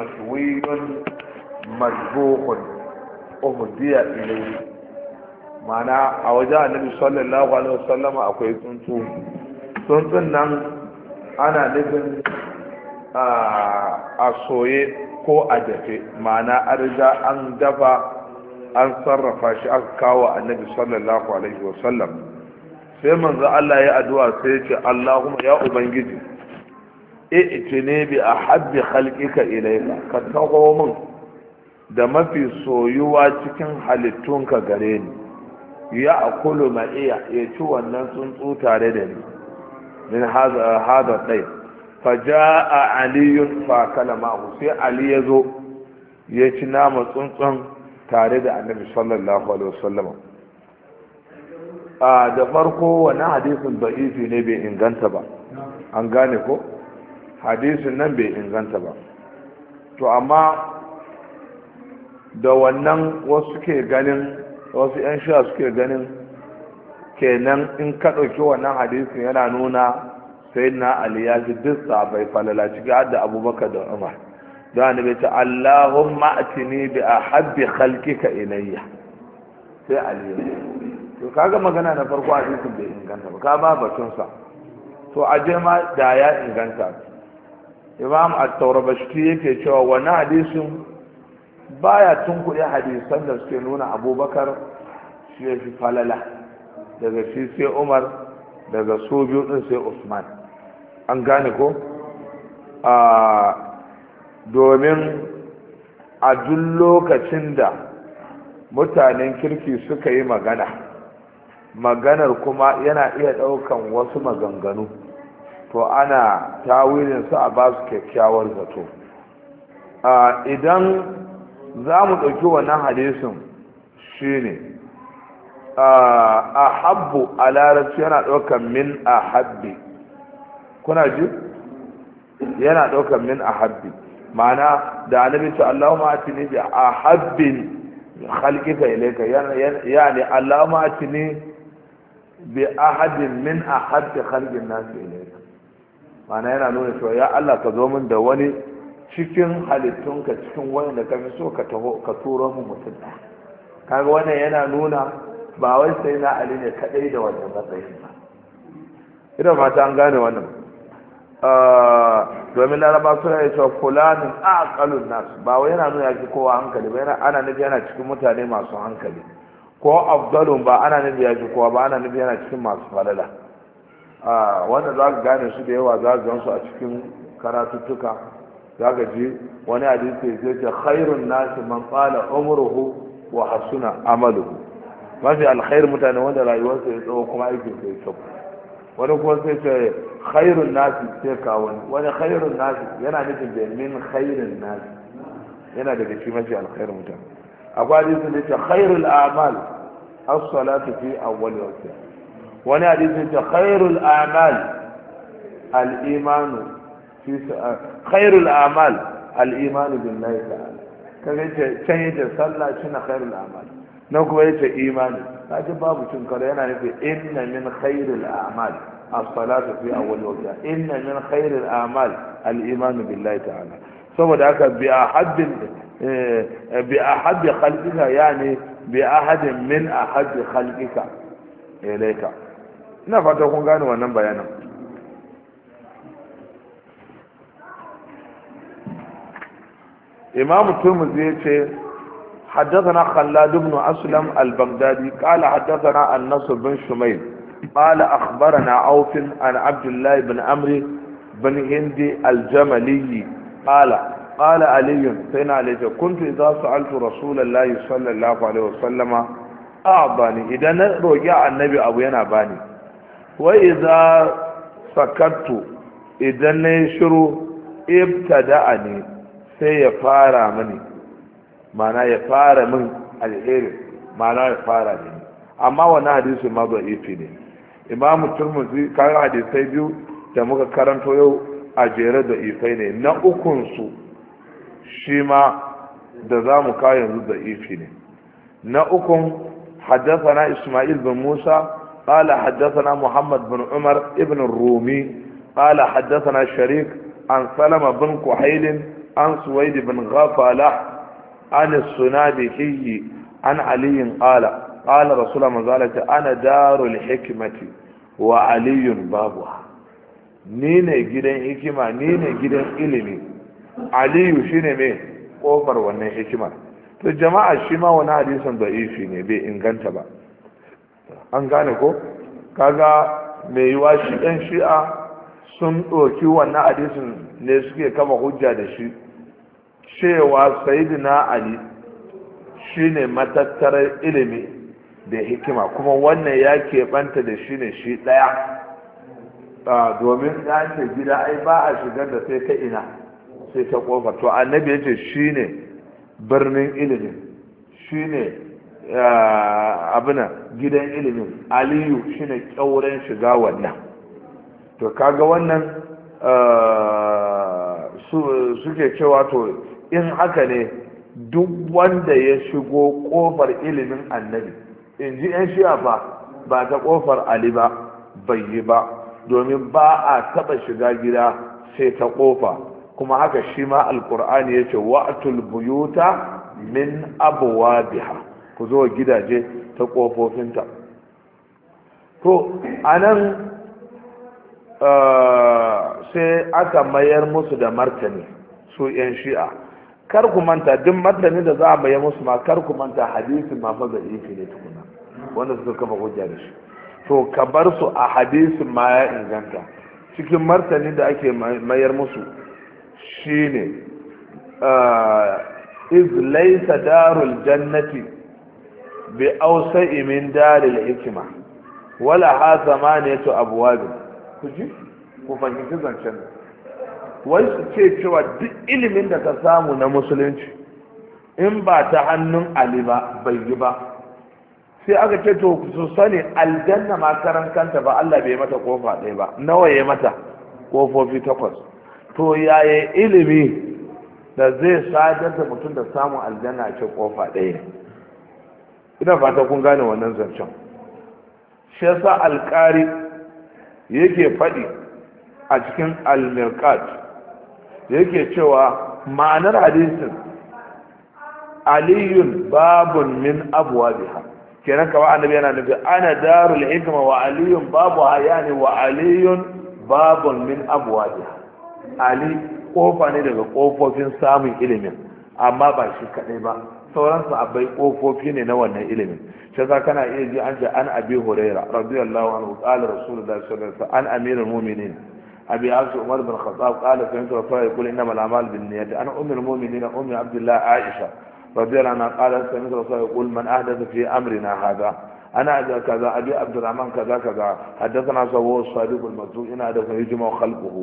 مشوي مشبوق أهدي إليه ma'ana a wajen annabi sallallahu alaihi wasallama akwai tsuntsu tsuntsun nan ana nufin a soye ko a dafe mana an riga an dafa an sarrafa shi aka kawo annabi sallallahu alaihi wasallam sai manzo Allah ya addu'a sai ya ce Allahumma ya ubangiji i'tini bi ahabbi khalqika ilayka ka taho min da mafi soyuwa cikin halittunka gare ni ya akulu iya ya ci wannan tsuntsu tare da ni min hada ɗai fa a aliyun fa kalamahu sai ali ya zo ya ci nama tsuntsun tare da annabi sallallahu alaihi wasallam da farko wani hadisin da'ifi ne bai inganta ba an gane ko hadisin nan bai inganta ba to amma da wannan wasu suke ganin wasu 'yan sha suke ganin kenan in ka ɗauki wannan hadisin yana nuna sai na aliyaji ya bai duk sabai falala ciki har da abubakar da umar don annabi ce allahumma atini bi halki ka inayya sai aliyu to kaga magana na farko hadisin bai inganta ba ka ba batunsa sa to aje ma da ya inganta imam at-taurabashti yake cewa wani hadisin baya tunkuɗe hadisan da suke nuna abubakar shi ya falala daga shi sai umar daga su biyu sai usman an gane ko domin a duk lokacin da mutanen kirki suka yi magana maganar kuma yana iya ɗaukan wasu maganganu to ana tawilin su a ba su kyakkyawar zato idan za mu ɗauki wannan hadisin ne a habbu a larabci yana ɗaukar min a habbi kuna ji yana ɗaukar min a habbi ma'ana da annabi ta Allahumma ne bi a habbin ya ne allahu Allahumma ne bi ahadin min a halkin nasu nas ilayka mana yana nuna cewa ya Allah ka zo min da wani cikin halittunka cikin wani da ka fi so ka taho ka turo mu mutum ɗaya kaga wannan yana nuna ba wai sai na Ali ne kadai da wannan matsayin ba ina fata an gane wannan ah, domin laraba suna yi cewa fulanin aqalun nas ba wai yana nuna yafi kowa hankali ba yana ana nufi yana cikin mutane masu hankali ko afdalun ba ana nufi yafi kowa ba ana nufi yana cikin masu falala wanda za ka gane su da yawa za ka gansu a cikin karatuttuka za ka ji wani hadisi zai ce khairun nasi man qala umruhu wa hasuna amaluhu mafi alkhair mutane wanda rayuwarsa ya tsawo kuma aikin sai kyau wani kuma sai ce khairun nasi sai ka wani wani khairun nasi yana nufin da min khairun nasi yana daga cikin mafi alkhair mutane akwai hadisi da ce khairul amal as-salatu fi awwal waqti wani hadisin ta khairul amal al-imanu khairul amal al-imanu billahi ta'ala kaga ce can yace sallah shine khairul amal na kuma yace imani kaji babu cin kare yana nufi inna min khairul amal as-salatu fi awwal waqtiha inna min khairul amal al-imanu billahi ta'ala saboda haka bi ahaddin bi ahaddi khalqika yani bi ahadin min ahaddi khalqika ilayka ina fata kun gane wannan bayanan imamu turmuzi ya ce حدثنا خلاد بن أسلم البغدادي قال حدثنا النصر بن شميل قال أخبرنا عوف عن عبد الله بن عمرو بن هندي الجملي قال قال علي سيدنا علي كنت إذا سألت رسول الله صلى الله عليه وسلم أعطاني إذا نرجع النبي أبو يناباني wa idza sakattu idan na shiru ibtada'a ne sai ya fara mani mana ya fara min alheri mana ya fara ne amma wani hadisi ma ba ifi ne imam turmuzi kayan hadisai biyu da muka karanto yau a jere da ifai ne na ukunsu shi ma da za mu kawo yanzu da ifi ne na ukun حدثنا إسماعيل بن موسى قال حدثنا محمد بن عمر ابن الرومي قال حدثنا شريك عن سلمة بن كحيل عن سويد بن غفلة عن السنابكي عن علي قال قال رسول الله مزالة أنا دار الحكمة وعلي بابها نين جدا حكمة نين جدا إلمي علي شين مين قومر ونين حكمة to jama'a shi ma wani hadisin da'ifi ne bai inganta ba an gane ko kaga mai yiwa shi ɗan shi'a sun ɗoki wannan hadisin ne suke kama hujja da shi cewa na ali shine matattarar ilimi da hikima kuma wannan ya banta da shi ne shi ɗaya domin ya ce gida ai ba a shigar da sai ta ina sai ta ƙofa to annabi ya ce shi ne birnin ilimin shi ne Eh, abuna gidan ilimin aliyu shine kyauren shiga wannan to kaga wannan eh, suke cewa to in haka ne duk wanda ya shigo kofar ilimin annabi in ji 'yan shi'a fa ba ta kofar ali ba bai yi ba domin ba a taba shiga gida sai ta kofa kuma haka shi ma alkur'ani ya ce wa'atul buyuta min abuwa biha ku zo gidaje ta kofofinta to a nan eh, sai aka mayar musu da martani su 'yan shi'a kar ku manta duk martani da za a mayar musu ma kar ku manta hadisi ma fa zaifi ne tukuna wanda suka kafa hujja da shi to ka bar su a hadisi ma ya inganta cikin martani da ake mayar musu shine eh, iz laysa darul jannati bi ausai min daril hikima wala ha zamaniyatu abwabin ku ji ku fahimci zancen wai su ce cewa duk ilimin da ka samu na musulunci in ba ta hannun ali ba bai yi ba sai aka ce to su sani aljanna ma karan kanta ba Allah bai mata kofa ɗaya ba nawa ya mata kofofi takwas to yaya ilimi da zai sadar da mutum da samun aljanna ce kofa ɗaya ina fata kun gane wannan zancen shi yasa alƙari yake faɗi a cikin almirkat yake cewa ma'anar hadisin aliyun babun min abuwa biha kenan kawai annabi yana nufi ana darul hikma wa aliyun babu hayani wa aliyun babun min abuwa biha ali kofa ne daga kofofin samun ilimin amma ba shi kaɗai ba sauran sahabbai kofofi ne na wannan ilimin shi kana iya ji an ce an abi huraira radiyallahu anhu qala rasulullahi sallallahu alaihi wasallam an amirul mu'minin abi asu umar bin khattab qala fa inta rafa yaqul innama al-a'mal bin-niyyat ana ummul mu'minin ummi abdullah aisha radiyallahu anha qala sami rafa yaqul man ahdatha fi amrina hadha انا اذا كذا ابي عبد الرحمن كذا كذا حدثنا سوى الصادق المصدوق ان هذا يجمع خلقه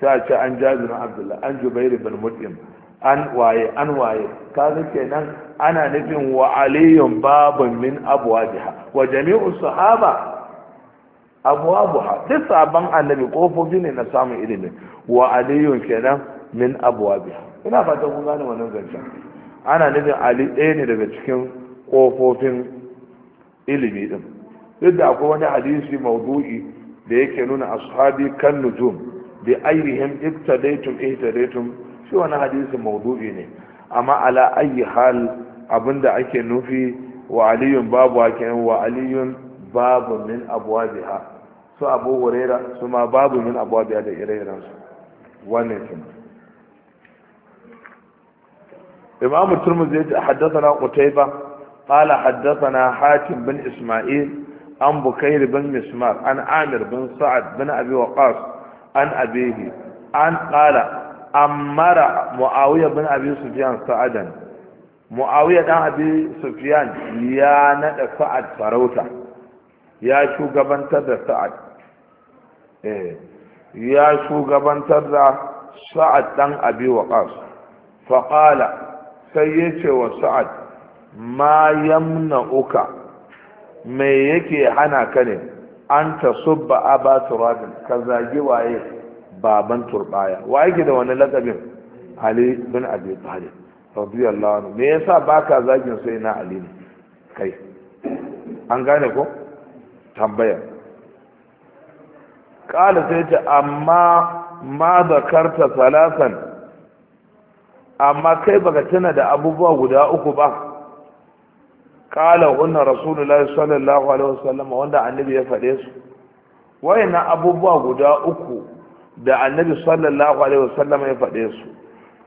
سأتى عن جابر بن عبد الله عن جبير بن مطعم an waye an waye kaga kenan ana nufin wa aliyun babun min abwajiha wa jami'u sahaba abwabuha duk sabon annabi kofofi ne na samun ilimi wa aliyun kenan min abwabiha ina fatan kun gane wannan zancen ana nufin ali ɗaya ne daga cikin kofofin ilimi din duk da akwai wani hadisi maudu'i da yake nuna ashabi kan nujum bi ayrihim iktadaytum ihtadaytum shi wani hadisi maudu'i ne amma ala ayi hal abinda ake nufi wa aliyun babu hakin wa aliyun babu min abwabiha su abu huraira su ma babu min biya da ire-iren su wannan kin imamu turmuzi ya ce haddathana qutayba qala na hatim bin isma'il an bukairi bin mismar an amir bin sa'ad bin abi waqas an abihi an qala ammara muawiya bin abi sufyan sa'adan muawiya dan abi sufyan ya nada sa'ad farauta ya shugabantar da sa'ad eh ya shugabantar da sa'ad dan abi waqas fa qala sai yace wa sa'ad ma yamna'uka me yake hana ka ne an tasubba aba turabin ka zagi waye baban turbaya wa yake da wani lakabin ali bin abi talib radiyallahu anhu me yasa baka zagin sai na ali ne kai an gane ko tambaya kala sai ta amma ma zakarta salasan amma kai baka tana da abubuwa guda uku ba kala wannan rasulullahi sallallahu alaihi wasallam wanda annabi ya faɗe su wayannan abubuwa guda uku da annabi sallallahu alaihi wasallam ya faɗe su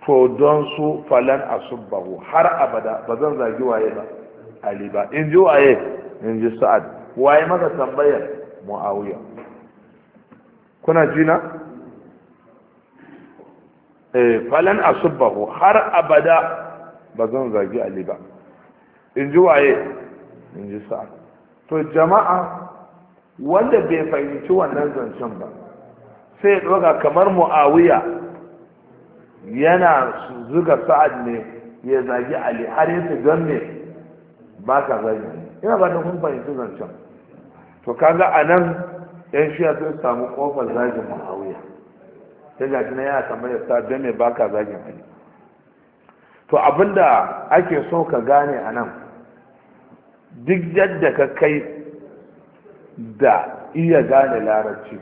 to don su falan asubbahu har abada ba zan zagi waye ba ali ba in ji waye in ji sa'ad waye maka tambayar muawiya kuna jina eh falan asubbahu har abada ba zan zagi ali ba in ji waye in ji sa'ad to jama'a wanda bai fahimci wannan zancen ba sai ya ɗoga kamar mu'awiya yana zuga sa'ad ne ya zagi ali har ya su don ne ba ka zagi ina ba da kun fahimci zancen to kaga a nan yan shiya sun samu kofar zagin mu'awiya sai ga na yana ya sa don ne ba ka zagin ali to abinda ake so ka gane a nan duk yadda ka kai da iya gane larabci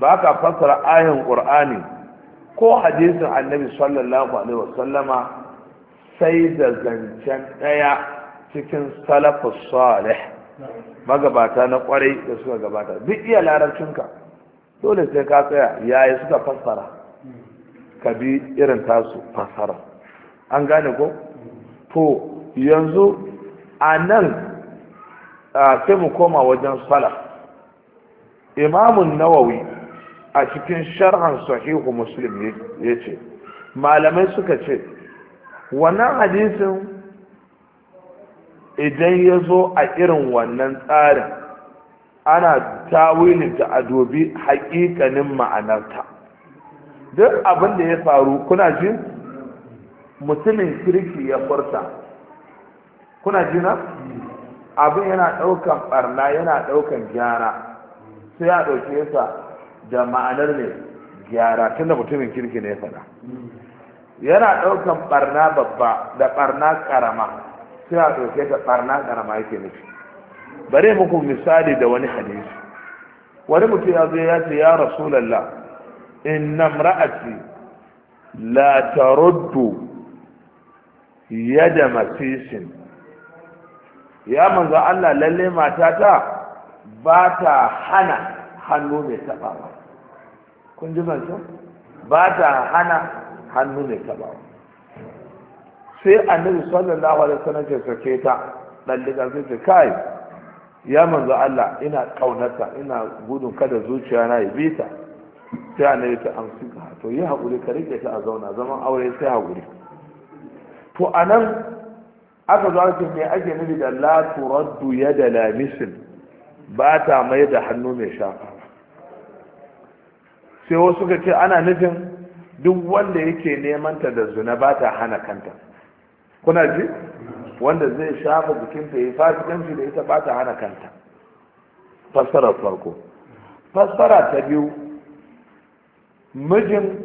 ba ka fassara ayan qur'ani ko hadisin annabi sallallahu alaihi wasallama sai da zancen daya cikin salafus salih magabata na kwarai da suka gabata duk iya larabcinka dole sai ka tsaya yaya suka fassara ka bi irin tasu fassara an gane ko to yanzu a nan sai mu koma wajen salaf imamun nawawi a cikin sharhan sahihu muslim yace malamai suka ce wannan hadisin idan ya zo a irin wannan tsarin ana tawilin a dobi haƙiƙanin ma'anarta duk abin da ya faru kuna ji mutumin kirki ya furta kuna ji na abin yana ɗaukan ɓarna yana ɗaukan gyara sai ya ɗauke sa da ma'anar ne gyara da mutumin kirki ne ya faɗa yana ɗaukan ɓarna babba da ɓarna ƙarama Suna ɗauke ta ɓarna ƙarama yake nufi bare muku misali da wani hadisi wani mutum ya zo ya ce ya rasulallah inna imra'ati la taruddu yada masisin ya manzo Allah lalle matata ba ta hana hannu mai taɓawa kun ji zancen ba ta hana hannu ne bawa sai annabi sallallahu alaihi wasallam ya sake ta dalli karfi ce kai ya manzo Allah ina kaunarta ina gudun kada zuciya na yi bita sai annabi ta amsi to yi hakuri ka rike ta a zauna zaman aure sai hakuri to anan aka zo aka me ake nufi da la turaddu yada misl ba ta mai da hannu mai shafa sai wasu ka ce ana nufin duk wanda yake nemanta da zuna ba ta hana kanta kuna ji wanda zai shafa jikinta ya fasikanci da ita ba ta hana kanta fassarar farko fassara ta biyu mijin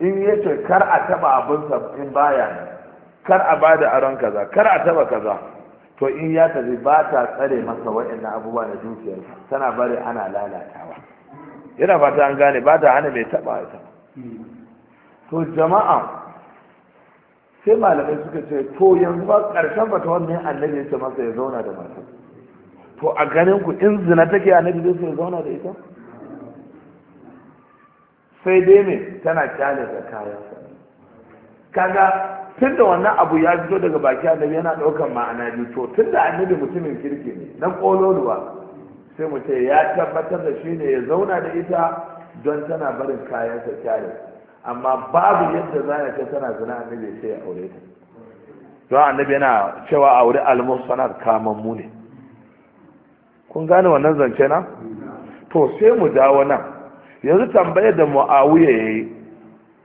in ya ce kar a taba abin in baya kar a ba da aron kaza kar a taba kaza to in ya tafi ba ta tsare masa na abubuwa na dukiyarsa tana bari ana lalatawa yana fata an gane ba da hana mai taba ita to jama'a sai malamai suka ce to yanzu ba karshen fata wannan annabi ya masa ya zauna da mata to a ganin ku in zina take annabi zai zauna da ita sai dai me tana kyale da kayan kaga tun da wannan abu ya fito daga baki annabi yana daukan ma'ana biyu to tun da annabi mutumin kirki ne na kololuwa sai mu ce ya tabbatar da shi ne ya zauna da ita don tana barin kayan sa amma babu yadda za ya ce tana zina annabi sai ya aure ta don annabi yana cewa aure almusanat kaman mu ne kun gane wannan zance na to sai mu dawo nan yanzu tambayar da mu'awiya yi.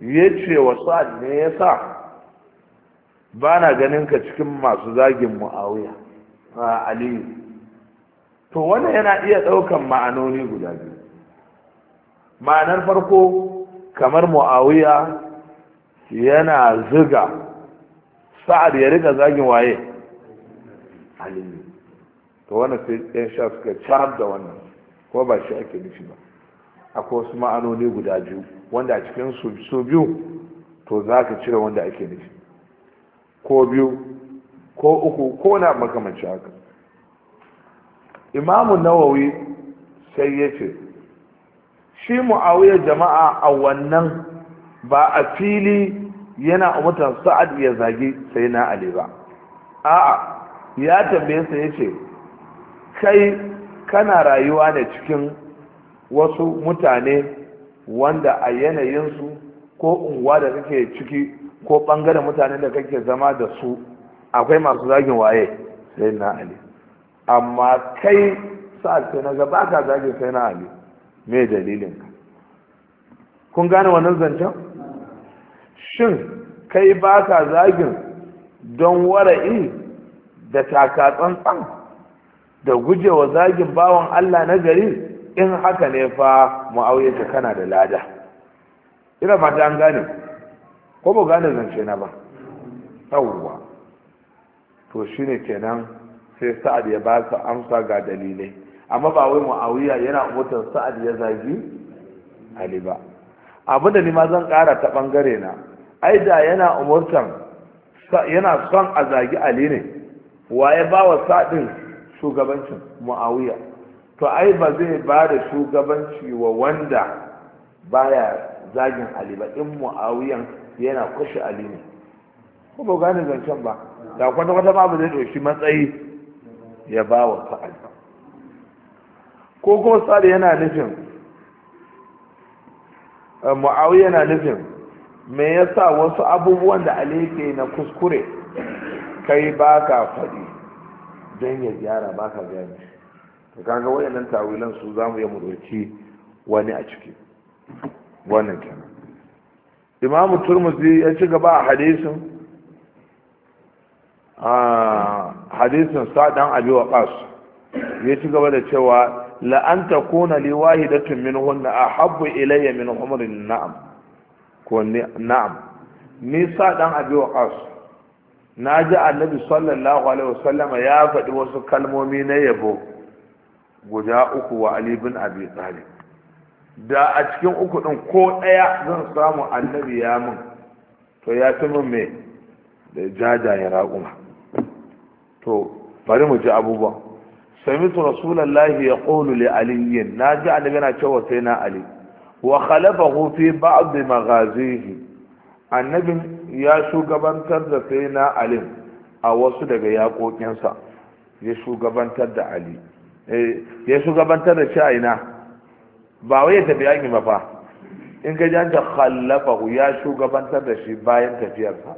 ya ce wa sa'ad ne ya sa ba na ganin ka cikin masu zagin mu'awiya a aliyu to wannan yana iya ɗaukan ma'anoni guda biyu ma'anar farko kamar mu'awiya yana zuga sa'ad ya rika zagin waye alimi to wannan sai ɗan sha suka carar da wannan ko ba shi ake nufi ba akwai wasu ma'anoni guda biyu wanda a cikin su biyu to za ka cire wanda ake nufi ko biyu ko uku ko na makamancin haka imamu nawawi sai ya ce shi mu'awiya jama'a a wannan ba a fili yana umutan sa'ad ya zagi sai na ali ba a'a ya tambaye sai ya ce kai kana rayuwa ne cikin wasu mutane wanda a yanayin su ko unguwa da kake ciki ko ɓangaren mutane da kake zama da su akwai masu zagin waye sai na ali amma kai sa'ad sai na ga ba ka zagin sai na ali me dalilin ka kun gane wannan zancen shin kai ba ka zagin don wara'i da taka tsantsan da gujewa zagin bawan Allah na gari in haka ne fa ta kana da lada ina mata an gane ko ba gane zance na ba yawwa to shine kenan sai sa'ad ya ba su amsa ga dalilai amma ba wai muawiya yana umurtar sa'ad ya zagi ali ba abin da ni ma zan kara ta bangare na ai da yana umurtan yana son a zagi ali ne waye ba wa sa'adin shugabancin muawiya to ai ba zai ba da shugabanci wa wanda baya zagin Ali ba in Muawiyan yana kushe Ali ne ko ba gane zancen ba da kwata kwata ba zai doshi matsayi ya ba wa sa'ad ko kuma sa'ad yana nufin eh, mu'awiya yana nufin me yasa wasu abubuwan da ali na kuskure kai ba ka faɗi don ya gyara ba ka gani to kaga wayannan tawilan su za mu yi mudurci wani a ciki wannan kenan imamu turmuzi ya ci gaba a hadisun ah, hadisin sa dan abi qas ya ci gaba da cewa la an takuna li wahidatun minhunna ahabbu ilayya min humrin na'am ko na'am ni sa dan abi waqas na ji annabi sallallahu alaihi wasallam ya faɗi wasu kalmomi na yabo guda uku wa ali bin abi talib da a cikin uku din ko ɗaya zan samu annabi ya min to ya fi min me da jaja ya raƙuma to bari mu ji abubuwan samitu rasulallahi ya qulu li Na ji annabi yana cewa sai na ali wa khalafahu fi ba'd maghazihi Annabi ya shugabantar da sai na ali a wasu daga yaƙoƙinsa ya shugabantar da ali eh, ya shugabantar da shi a ina ba wai ya tafi yaƙi ba fa in ka janta khallafahu ya shugabantar da shi bayan tafiyarsa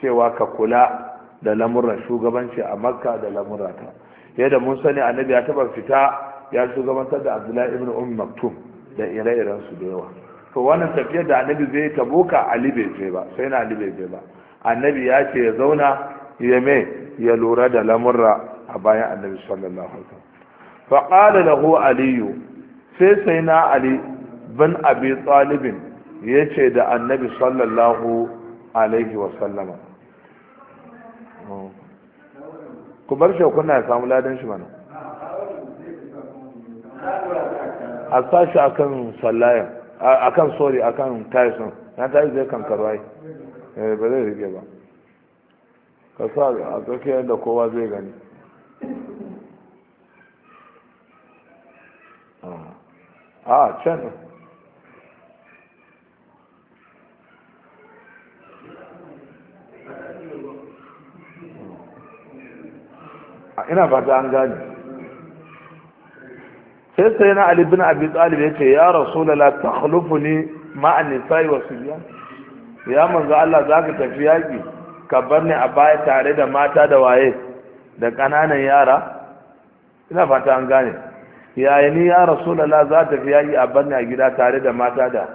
cewa ka kula da lamuran shugabanci a makka da lamurra ta yadda mun sani annabi ya taba fita ya shugabantar da abdullahi ibn um maktum da ire-iren su da yawa to wannan tafiyar da annabi zai taboka ali bai je ba sai na ali bai je ba annabi ya ce ya zauna ya me ya lura da lamurra a bayan annabi sallallahu alaihi wasallam fa qala lahu aliyu sai sai na ali bin abi talibin yace da annabi sallallahu alaihi wasallama ku bar shi kuna samu ladan shi mana a sashi akan sallayan akan sorry akan tyson na tayi zai kan karwai eh, ba zai rike ba ka sa a tsoke yadda kowa zai gani a ah. ah, can ina fata an gane sai sai na ali bin abi talib ya ce ya rasulullah takhlufuni ma an nisa'i wa sibyan ya manzo Allah zaka tafi yaki ka bar a baya tare da mata da waye da kananan yara ina fata an gane yayi ni ya rasulullah za ta tafi yaki a bar a gida tare da mata da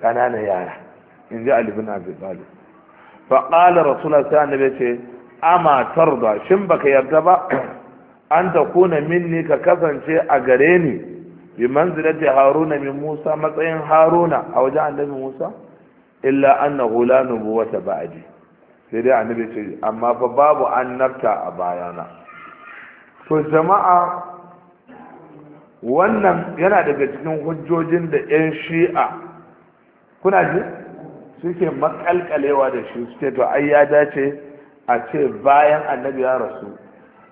kananan yara in ji ali bin abi talib fa qala rasulullah sai annabi ce ama tarda shin baka yarda ba an ta kuna minni ka kasance a gare ni bi manzilati haruna min musa matsayin haruna a wajen annabi musa illa annahu la nubuwata ba'di sai dai annabi ce amma fa babu annabta a bayana to jama'a wannan yana daga cikin hujjojin da 'yan shi'a kuna ji suke makalkalewa da shi suke to ai ya dace a ce bayan annabi ya rasu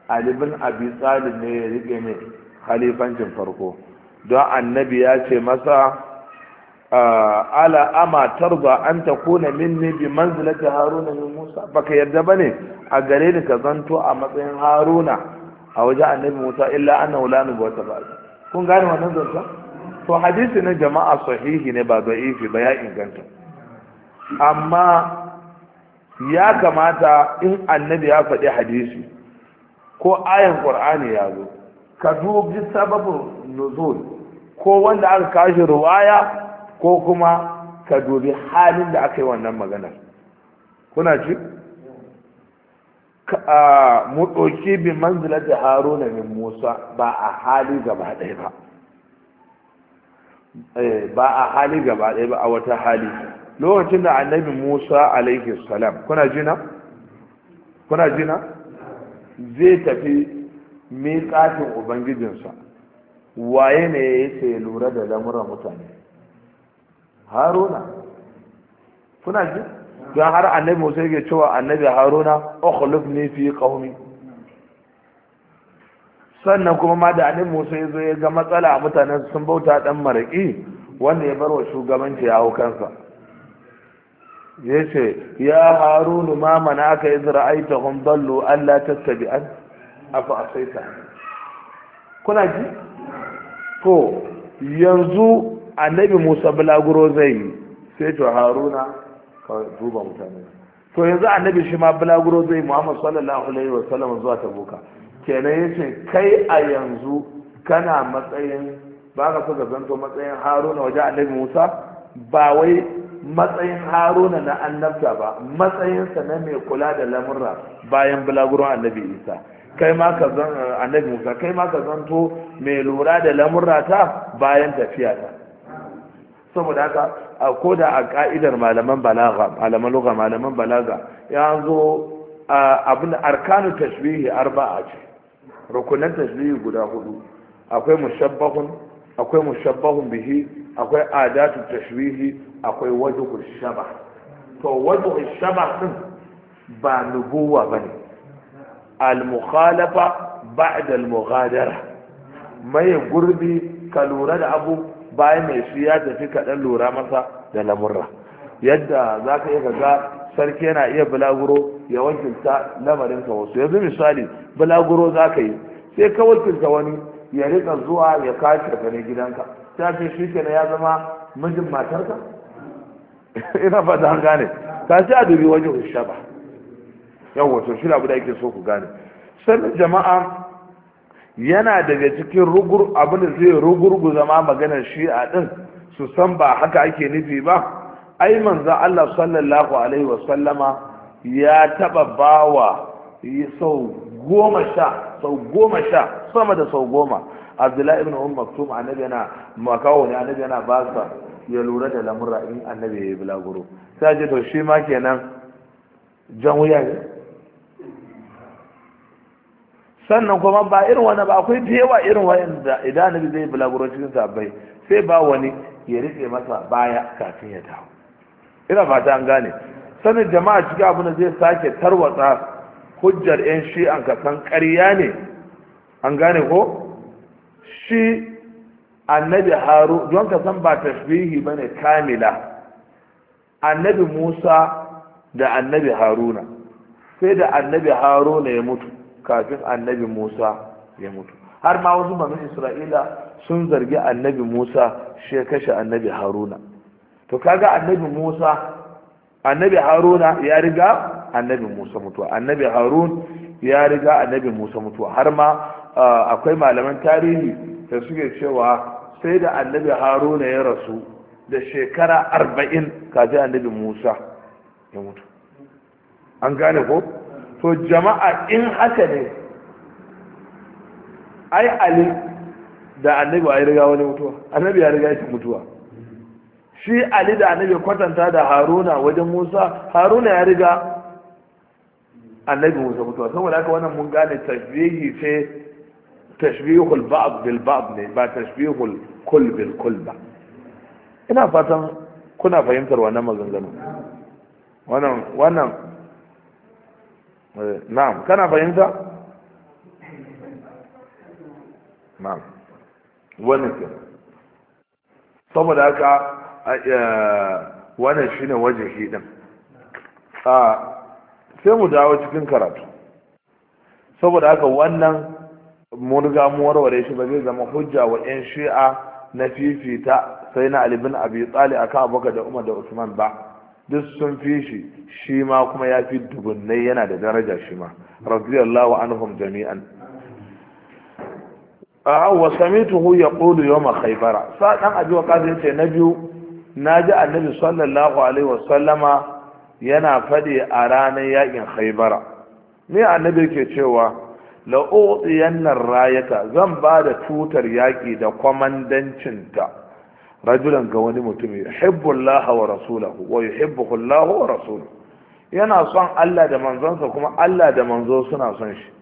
alibin bin abi tsalin ne ya rike mai khalifancin farko don annabi ya ce masa ala ama tarba an ta kuna minni bi manzilati haruna min musa baka yarda bane a gare ni ka zanto a matsayin haruna a wajen annabi musa illa ana la nubuwata ba kun gane wannan zanta to hadisi na jama'a sahihi ne ba da'ifi ba ya inganta amma ya kamata in annabi ya faɗi hadisi ko ayan ƙwar'ani ya zo ka dubi sababin nuzul ko wanda aka kashi ruwaya ko kuma ka dubi halin da aka yi wannan magana. kuna ci mu ɗauki bi da haruna min musa ba a hali gaba ɗaya ba eh, ba a hali gaba ɗaya ba a wata hali lokacin da annabi musa alaihi salam kuna jina kuna jina zai tafi miƙatin ubangijinsa waye ne ya ce lura da lamuran mutane haruna kuna ji don har annabi musa yake cewa annabi haruna ukhlif ne fi qaumi sannan kuma ma da annabi musa ya zo ya ga matsala a mutanen sun bauta dan maraki wanda ya bar shugabanci ya hau kansa ya ce ya harunu ma mana aka yi zira'aita hun ballo allah ta tabi an afa a saita kuna ji to yanzu annabi musa bulaguro zai yi sai to haruna ka duba mutane to yanzu annabi shi ma bulaguro zai muhammad sallallahu alaihi wa sallam zuwa tabuka kenan ya ce kai a yanzu kana matsayin ba ka so ka zanto matsayin haruna wajen annabi musa ba wai matsayin haruna na annabta ba matsayinsa na mai kula da lamurra bayan bulaguron annabi isa kai ma ka zan eh, annabi musa kai ma ka zanto mai lura da lamurra ta bayan tafiya ta saboda haka a koda a ka'idar malaman balaga malaman lugha malaman balaga ya zo abin arkanu tashbihi arba'a ce rukunan tashbihi guda hudu akwai mushabbahun akwai mushabbahun bihi akwai adatu tashbihi akwai wajhu shaba to wajhu shaba din ba nubuwa ne al mukhalafa ba'da al mughadara mai gurbi ka lura da abu bayan mai shi ya tafi kaɗan lura masa da lamurra yadda za ka iya ga sarki yana iya bulaguro ya wakilta lamarinsa wasu yanzu misali bulaguro za ka yi sai ka wakilta wani ya rika zuwa ya kashe ka ne gidanka ta ce shi kenan ya zama mijin matarka ina fata an gane ta ce a dubi wajen ba yau wato shi abu da ake so ku gane sannan jama'a yana daga cikin rugur abin da zai rugurgu zama maganar a din su san ba haka ake nufi ba ai manzo Allah sallallahu alaihi wa sallama ya taba bawa sau goma sha sau goma sha sama da sau goma abdullahi ibn umar maktum annabi yana makawo ne annabi yana ba ya lura da lamura in annabi ya yi bulaguro sai ji to shi ma kenan jan wuya ne sannan kuma ba irin wani ba akwai da yawa irin wayan da idan annabi zai bulaguro cikin sabbai sai ba wani ya rike masa baya kafin ya dawo ina fata an gane sanin jama'a cikin abin da zai sake tarwatsa hujjar 'yan shi an kasan ƙarya ne an gane ko shi annabi haru don ka san ba tashbihi bane kamila annabi musa da annabi haruna sai da annabi haruna ya mutu kafin annabi musa ya mutu har ma wasu mamin isra'ila sun zargi annabi musa shi ya kashe annabi haruna to kaga annabi musa annabi haruna ya riga annabi musa mutuwa annabi harun ya riga annabi musa mutuwa har ma ah, akwai malaman tarihi da suke cewa sai da annabi haruna ya rasu da shekara arba'in kaji annabi musa ya mutu an gane ko to jama'a in haka ne ai ali da annabi ya riga wani mutuwa annabi ya riga yake mutuwa shi ali da annabi kwatanta da haruna wajen musa haruna ya riga annabi musa mutuwa saboda haka wannan mun gane tasbihi ce tashbihul ba'd bil ba'd ne ba tashbihul kul bil kul ba ina fatan kuna fahimtar wannan maganganu wannan wannan eh, na'am kana fahimta na'am wannan ke saboda haka wannan shine waje shi din a sai mu dawo cikin karatu saboda haka wannan murga mu warware shi ba zai zama hujja wa yan shi'a na fifita sai na ali bin abi tsali akan abubakar da umar da usman ba duk sun fi shi shi ma kuma ya fi dubunnai yana da daraja shi ma radiyallahu anhum jami'an a wa samituhu yaqulu yawma khaybara sa dan abi wa kaza yace na biyu na ji annabi sallallahu alaihi wa sallama yana fadi a ranar yakin khaybara me annabi yake cewa la'uɗiyan nan rayata zan ba da tutar yaƙi da kwamandancinta rajulan ga wani mutum yuhibbullah wa rasulahu wa yuhibbuhu Allah wa rasuluhu yana son Allah da manzonsa kuma Allah da manzo suna son shi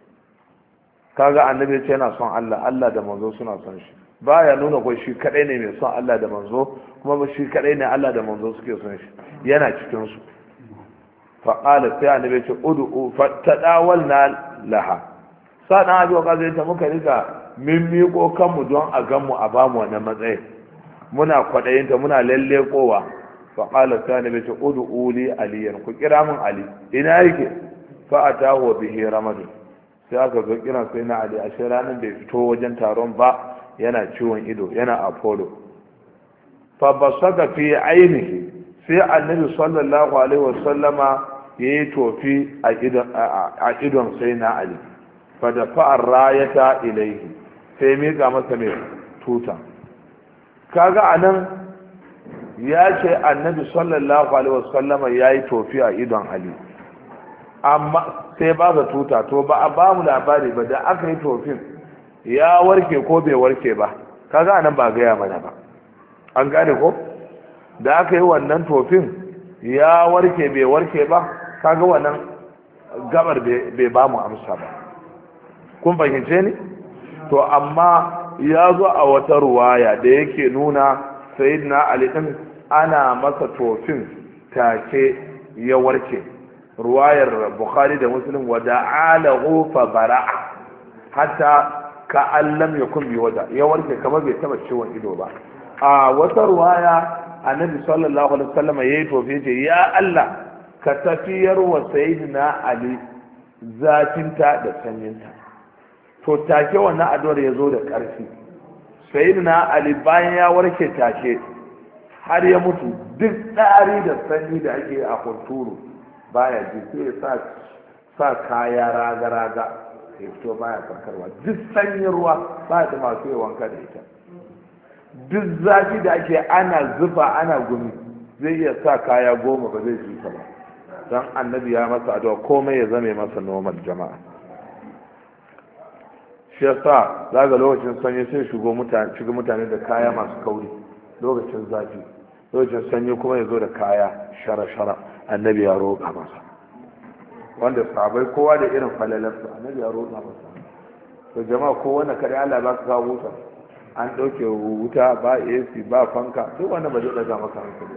kaga annabi ya ce yana son Allah Allah da manzo suna son shi baya nuna ko shi kadai ne mai son Allah da manzo kuma ba shi kadai ne Allah da manzo suke son shi yana cikin su fa qala sai annabi ya ce ud'u fatadawalna laha sa'an abi wa kaza ta muka rika mimmiko kanmu don a ganmu a mu wannan matsayi muna kwaɗayinta muna lalle kowa fa qala sani bi tu'udu uli aliyan ku kira mun ali ina yake fa atahu bihi ramadu sai aka zo kiran sai na ali ashe ranar bai fito wajen taron ba yana ciwon ido yana apollo fa basaka fi ainihi sai annabi sallallahu alaihi wasallama yayi tofi a idon sai na ali fa da fa'ar rayata ilaihi sai miƙa masa mai tuta kaga anan ya ce annabi sallallahu alaihi wasallama ya yi tofi a idon ali amma sai ba ga tuta to ba a ba mu labari ba da aka yi tofin ya warke ko bai warke ba kaga anan ba gaya mana ba an gane ko da aka yi wannan tofin ya warke bai warke ba kaga wannan gabar bai ba mu amsa ba kun fahimce ni to amma ya zo a wata ruwaya da yake nuna sayyidina ali din ana masa tofin take ya warke ruwayar bukhari da muslim wa da'alahu fa bara'a hatta ka allam yakun bi wada ya warke kamar bai taba ciwon ido ba a wata ruwaya annabi sallallahu alaihi wasallam yayi tofe ce ya Allah ka tafiyar wa sayyidina ali zafinta da sanyinta to take wannan addu'ar ya zo da ƙarfi na ali bayan ya warke take har ya mutu duk tsari da sanyi da ake a kunturu baya ji sai ya sa sa kaya raga raga sai fito baya farkarwa duk sanyin ruwa baya da masu yi wanka da ita duk zafi da ake ana zufa ana gumi zai iya sa kaya goma ba zai ji ba don annabi ya masa addu'a komai ya zame masa normal jama'a shi yasa za ga lokacin sanyi sai shigo mutane shiga mutane da kaya masu kauri lokacin zafi lokacin sanyi kuma ya zo da kaya shara-shara annabi ya roƙa masa wanda sabai kowa da irin falalarsa annabi ya roƙa masa to jama'a ko wanda kare Allah ba ka kawo wuta an ɗauke wuta ba AC ba fanka duk wanda ba zai ɗaga masa hankali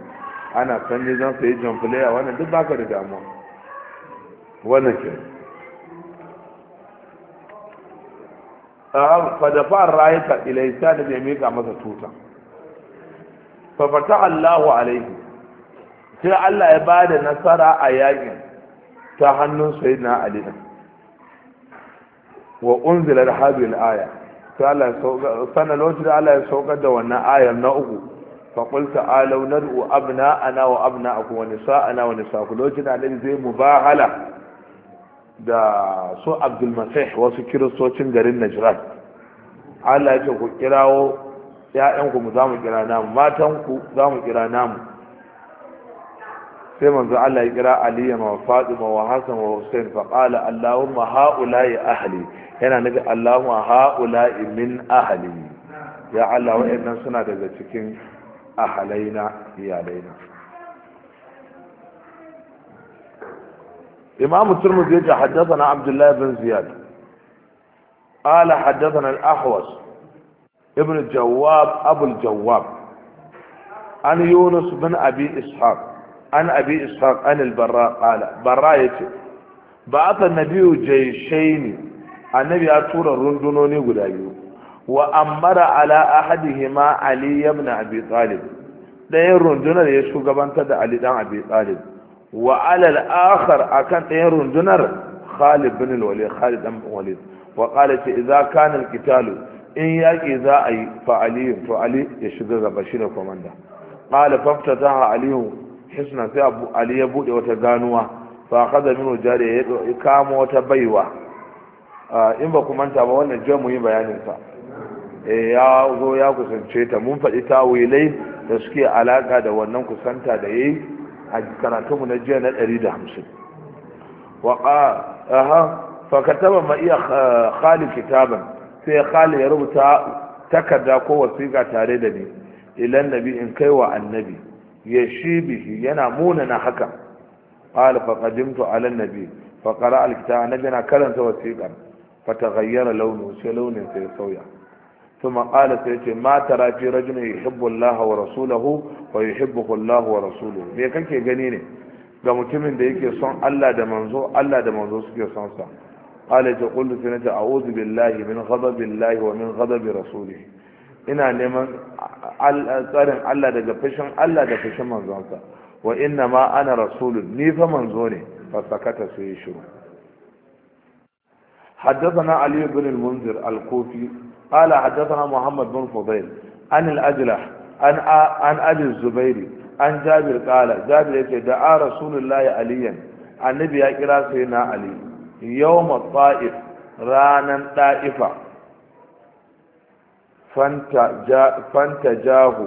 ana sanyi zan sayi jamfilaya wannan duk baka da damuwa wannan kenan fa da fa rayuka ila isani bai ga masa tuta fa fata Allahu alaihi sai Allah ya bada nasara a yakin ta hannun sayyidina Ali din wa unzila hadhihi al-aya sai Allah ya sauka sanan lokacin da Allah ya saukar da wannan ayar na uku فقل تعالوا ندعو أبناءنا وأبناءكم ونساءنا ونساءكم لو جنا الذي زي مباهلة da su abdulmasih wasu kiristocin garin najran allah ya ce ku kirawo ‘ya'yanku mu za mu kira namu matanku za mu kira namu sai manzo allah ya kira aliyu ma fadima wa hasan wa hussein fa qala allahumma haula'i ahli yana nabi allahumma haula'i min ahli ya allah wa'annan suna daga cikin ahalaina iyalaina إمام الترمذي يجي حدثنا عبد الله بن زياد قال حدثنا الأحوص ابن الجواب أبو الجواب عن يونس بن أبي إسحاق عن أبي إسحاق عن البراء قال براء يتي بعث النبي جيشين النبي أتور الرندنوني قدايو وأمر على أحدهما علي بن أبي طالب ده الرندنة يشكو قبانتا علي بن أبي طالب wa alal akhar akan ɗayan rundunar Khalid bin walid Khalid dan Walid wa qala ta idza kana al qital in yaqi za a fa Ali fa Ali ya shiga gaba shi da komanda qala faftataha Ali hisna sai Abu Ali ya bude wata ganuwa fa kaza minu jari ya kama wata baiwa in ba ku manta ba wannan jiya muyi bayanin sa eh, ya zo ya kusance ta mun faɗi tawilai da suke alaka da wannan kusanta da yayi a karatunmu na jiya na 150 wa aha fa kataba ma iya khali kitaban sai khali ya rubuta takarda ko wasiƙa tare da ni ilan nabi in kai wa annabi ya shi bihi yana munana haka qala fa qadimtu ala nabi fa qara al kitaba annabi na karanta wasiƙan fa taghayyara launu sai launin sai sauya ثم قال سيتي ما ترى في رجل يحب الله ورسوله ويحبه الله ورسوله me kake gani ne ga mutumin da yake son Allah da manzo Allah da manzo suke son sa qala ta qultu fa nata a'udhu billahi min ghadabi llahi wa min ghadabi rasulih ina neman tsarin Allah daga fashin Allah da fashin manzonsa wa inna ma ana rasulun ni fa manzo ne fa sakata sai shiru حدثنا علي بن المنذر الكوفي قال حدثنا محمد بن فضيل عن الأجلح عن عن أبي الزبير عن جابر قال جابر يقول دعا رسول الله عليا النبي يا كرا سيدنا علي يوم الطائف رانا طائفة fanta jahu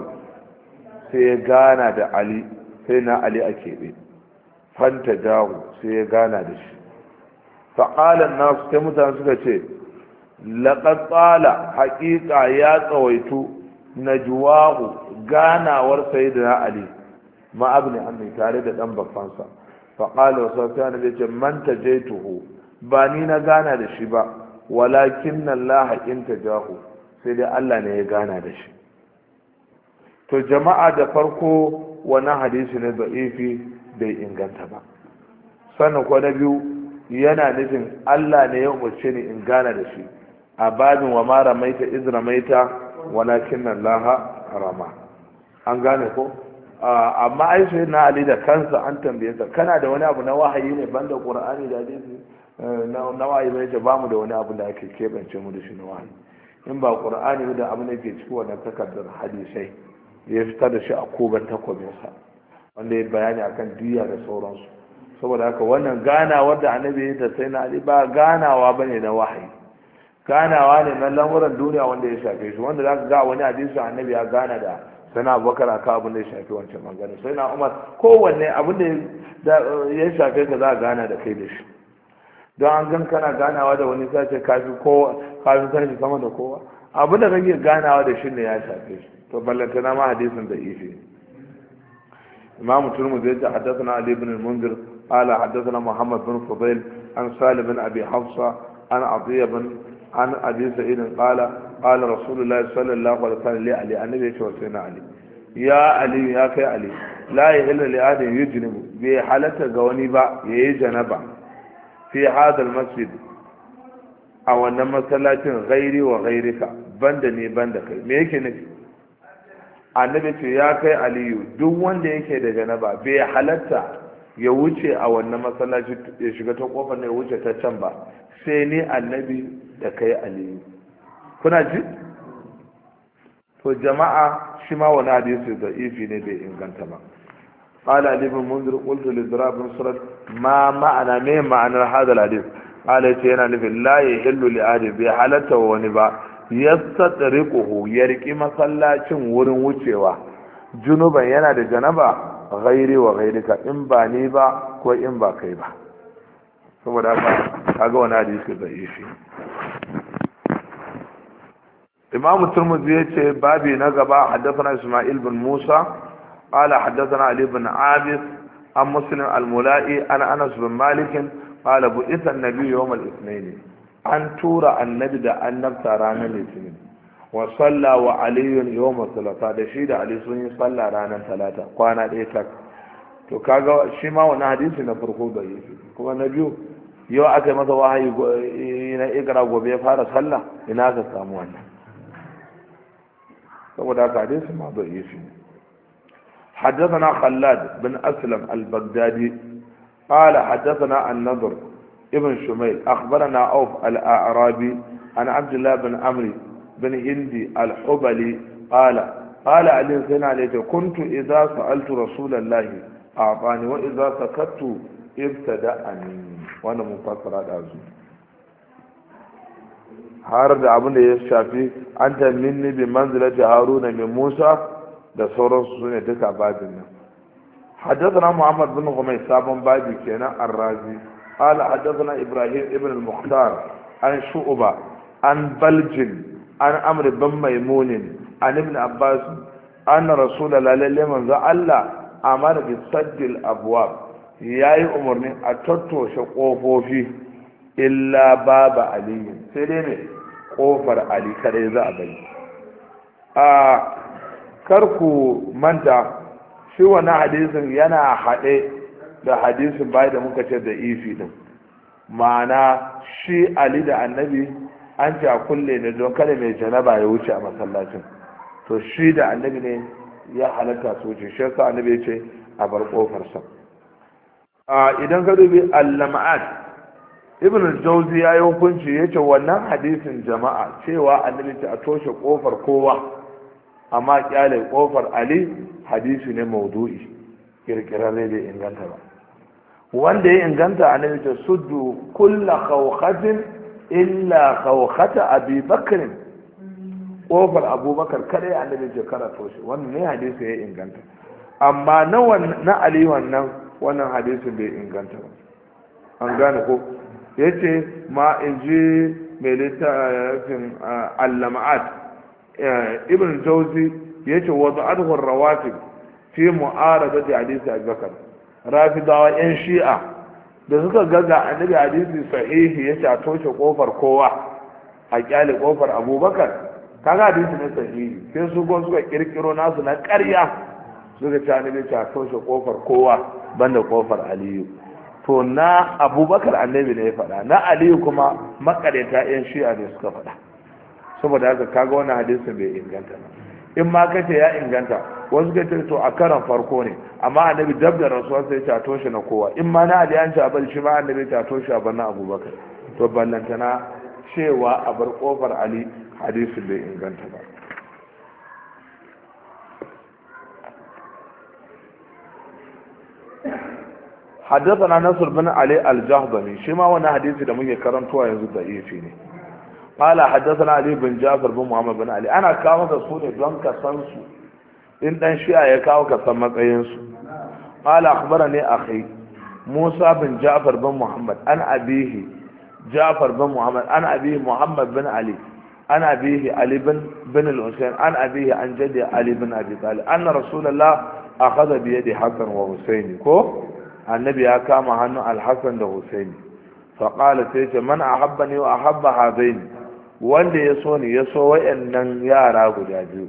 sai ya gana da ali sai na ali a keɓe fanta jahu sai ya gana da shi fa'alan nasu sai mutane suka ce laqad haƙiƙa haqiqa ya tsawaitu najwahu ganawar sayyidina ali ma abni ammi tare da dan babbansa fa qala wa da bi ce man tajaituhu ba ni na gana da shi ba walakin Allah in tajahu sai dai Allah ne ya gana da shi to jama'a da farko wani hadisi ne ifi bai inganta ba sannan ko biyu yana nufin Allah ne ya umarce ni in gana da shi a babin wa ma ramaita iz ramaita walakin laha rama an gane ko amma ai na ali da kansa an tambaye sa kana da wani abu na wahayi ne banda qur'ani da hadisi eh, na wahayi mai ta bamu da wani abu da ake kebance mu da shi na wahayi in ba qur'ani da abu ne ke cikin wannan takardar hadisai ya fitar da shi a koban takobin sa wanda ya bayani akan duniya da sauransu saboda haka wannan ganawar da annabi da sai na ali ba ganawa bane na wahayi ganawa ne na lamuran duniya wanda ya shafe shi wanda za ka ga wani hadisi annabi ya gana da sana abubakar aka abin da ya shafe wancan maganin sai na umar kowanne abin da eh, ya shafe ka za a gana da kai da shi don an gan kana ganawa da wani sace kafi kowa kafi shi sama da kowa abin da kake ganawa da shi ne ya shafe shi to na ma hadisin da ife imam turmuz ya ce na ali ibn munzir ala hadasa na muhammad bin fudayl an salibin abi hafsa an atiya bin an abi sa'idin qala qala rasulullahi sallallahu alaihi wasallam li ali annabi ya ce wa sayyidina ali ya ali ya kai ali la ya illa li adam yujrimu bi halata ga wani ba yayi janaba fi hada masjid a wannan masallacin gairi wa gairika banda ne banda kai me yake nufi annabi ce ya kai aliyu duk wanda yake da janaba bai halatta ya wuce a wannan masallaci ya shiga ta kofar ne ya wuce ta can ba sai ni annabi da kai aliyu kuna ji to jama'a shi ma wani hadisi da ifi ne bai inganta ba qala ali bin mundir qultu li zara bin ma ma'ana me ma'anar hadal hadis qala ce yana nufi la yahillu li ahli bi halata wani ba yastatriquhu yarqi masallacin wurin wucewa junuba yana da janaba ghairi wa ghairi ka in ba ni ba ko in ba kai ba saboda ba ga wani hadisi da ifi إمام الترمذي بابي نقبا حدثنا إسماعيل بن موسى قال حدثنا علي بن عابس عن مسلم الملائي أنا أنس بن مالك قال بئس النبي يوم الاثنين أن تورى النبي ده أن نبت رانا الاثنين وصلى وعلي يوم الثلاثاء ده شيء ده علي سن صلى رانا ثلاثة قانا ديتك to kaga shi ma wani hadisi na farko da yi kuma na biyu yau aka yi masa wahayi na ikra gobe ya fara sallah ina ka samu wannan saboda haka hadisin ma حدثنا خلاد بن أسلم البغدادي قال حدثنا النضر ابن شميل أخبرنا أوف الأعرابي عن عبد الله بن عمرو بن هندي الحبلي قال قال علي زين عليك كنت إذا سألت رسول الله أعطاني وإذا سكت ابتدأني وأنا على هذا har Harada abunda ya shafi an taimimnibi manzala ta Haruna mai Musa da sauransu sun yi duka a badin nan. Haddazana Muhammad bin ne ba mai sabon babin kenan an radzi. Hala Ibrahim Ibn al-Muktar an shuba, an baljin, an amri ban mai munin, a Abbas an rasu da lallai Allah amma da ke taddun abubuwa ya umarni a tattaushe kofofi. illa baba aliyu sai dai ne kofar ali kadai za a bari a karku manta shi wani hadisin yana haɗe da hadisin bai da muka ce da ifi din ma'ana shi ali da annabi an ci a kulle ne don kada mai janaba ya wuce a masallacin to shi da annabi ne ya halatta su wuce shi yasa annabi ya ce a bar kofarsa idan ka dubi al-lam'at ibn jauzi ya yi hukunci ya ce wannan hadisin jama'a cewa annabi ce a toshe kofar kowa amma kyale kofar ali hadisi ne maudu'i ne bai inganta ba wanda ya inganta annabi ta suddu kulla khawkhatin illa khawkhata abi bakr kofar abubakar ya annabi ta kara toshe wannan ne hadisi ya inganta amma na ali wannan wannan hadisin bai inganta ba an gane ko yace ce ma in ji mai littafin allama'at ibn jauzi ya ce wasu adhun rawatib fi mu'arada da hadisi abubakar rafidawa yan shi'a da suka gaga annabi hadisi sahihi ya ce a toshe kofar kowa a kyale kofar abubakar kaga hadisi na sahihi sai su gon suka kirkiro nasu na karya suka ci annabi ta toshe kofar kowa banda kofar aliyu to na abubakar annabi ne ya faɗa na aliyu kuma makareta yan shi'a ne suka faɗa saboda haka kaga wannan hadisi bai inganta ba in ma kace ya inganta wasu ga ce to a karan farko ne amma annabi dab da rasuwa sai ta toshe na kowa in ma na aliyan ta bal shi ma annabi ta toshe a bana abubakar to ballantana cewa a bar kofar ali hadisin bai inganta ba حدثنا نصر بن علي الجهضمي شما وانا حديثي da muke karantuwa yanzu da ifi ne qala hadathana ali bin jafar bin muhammad bin ali ana kawo su ne don ka in dan shi'a ya kawo kasa san matsayin su qala akhbarani akhi musa bin jafar bin muhammad an abihi jafar bin muhammad an abihi muhammad bin ali an abihi ali bin al-husayn an abihi an jaddi ali bin wa ko annabi ya kama hannun alhassan da husaini faƙala sai ce man ahabba ne wa ahabba hazaini wanda ya so ne ya so wa'annan yara guda biyu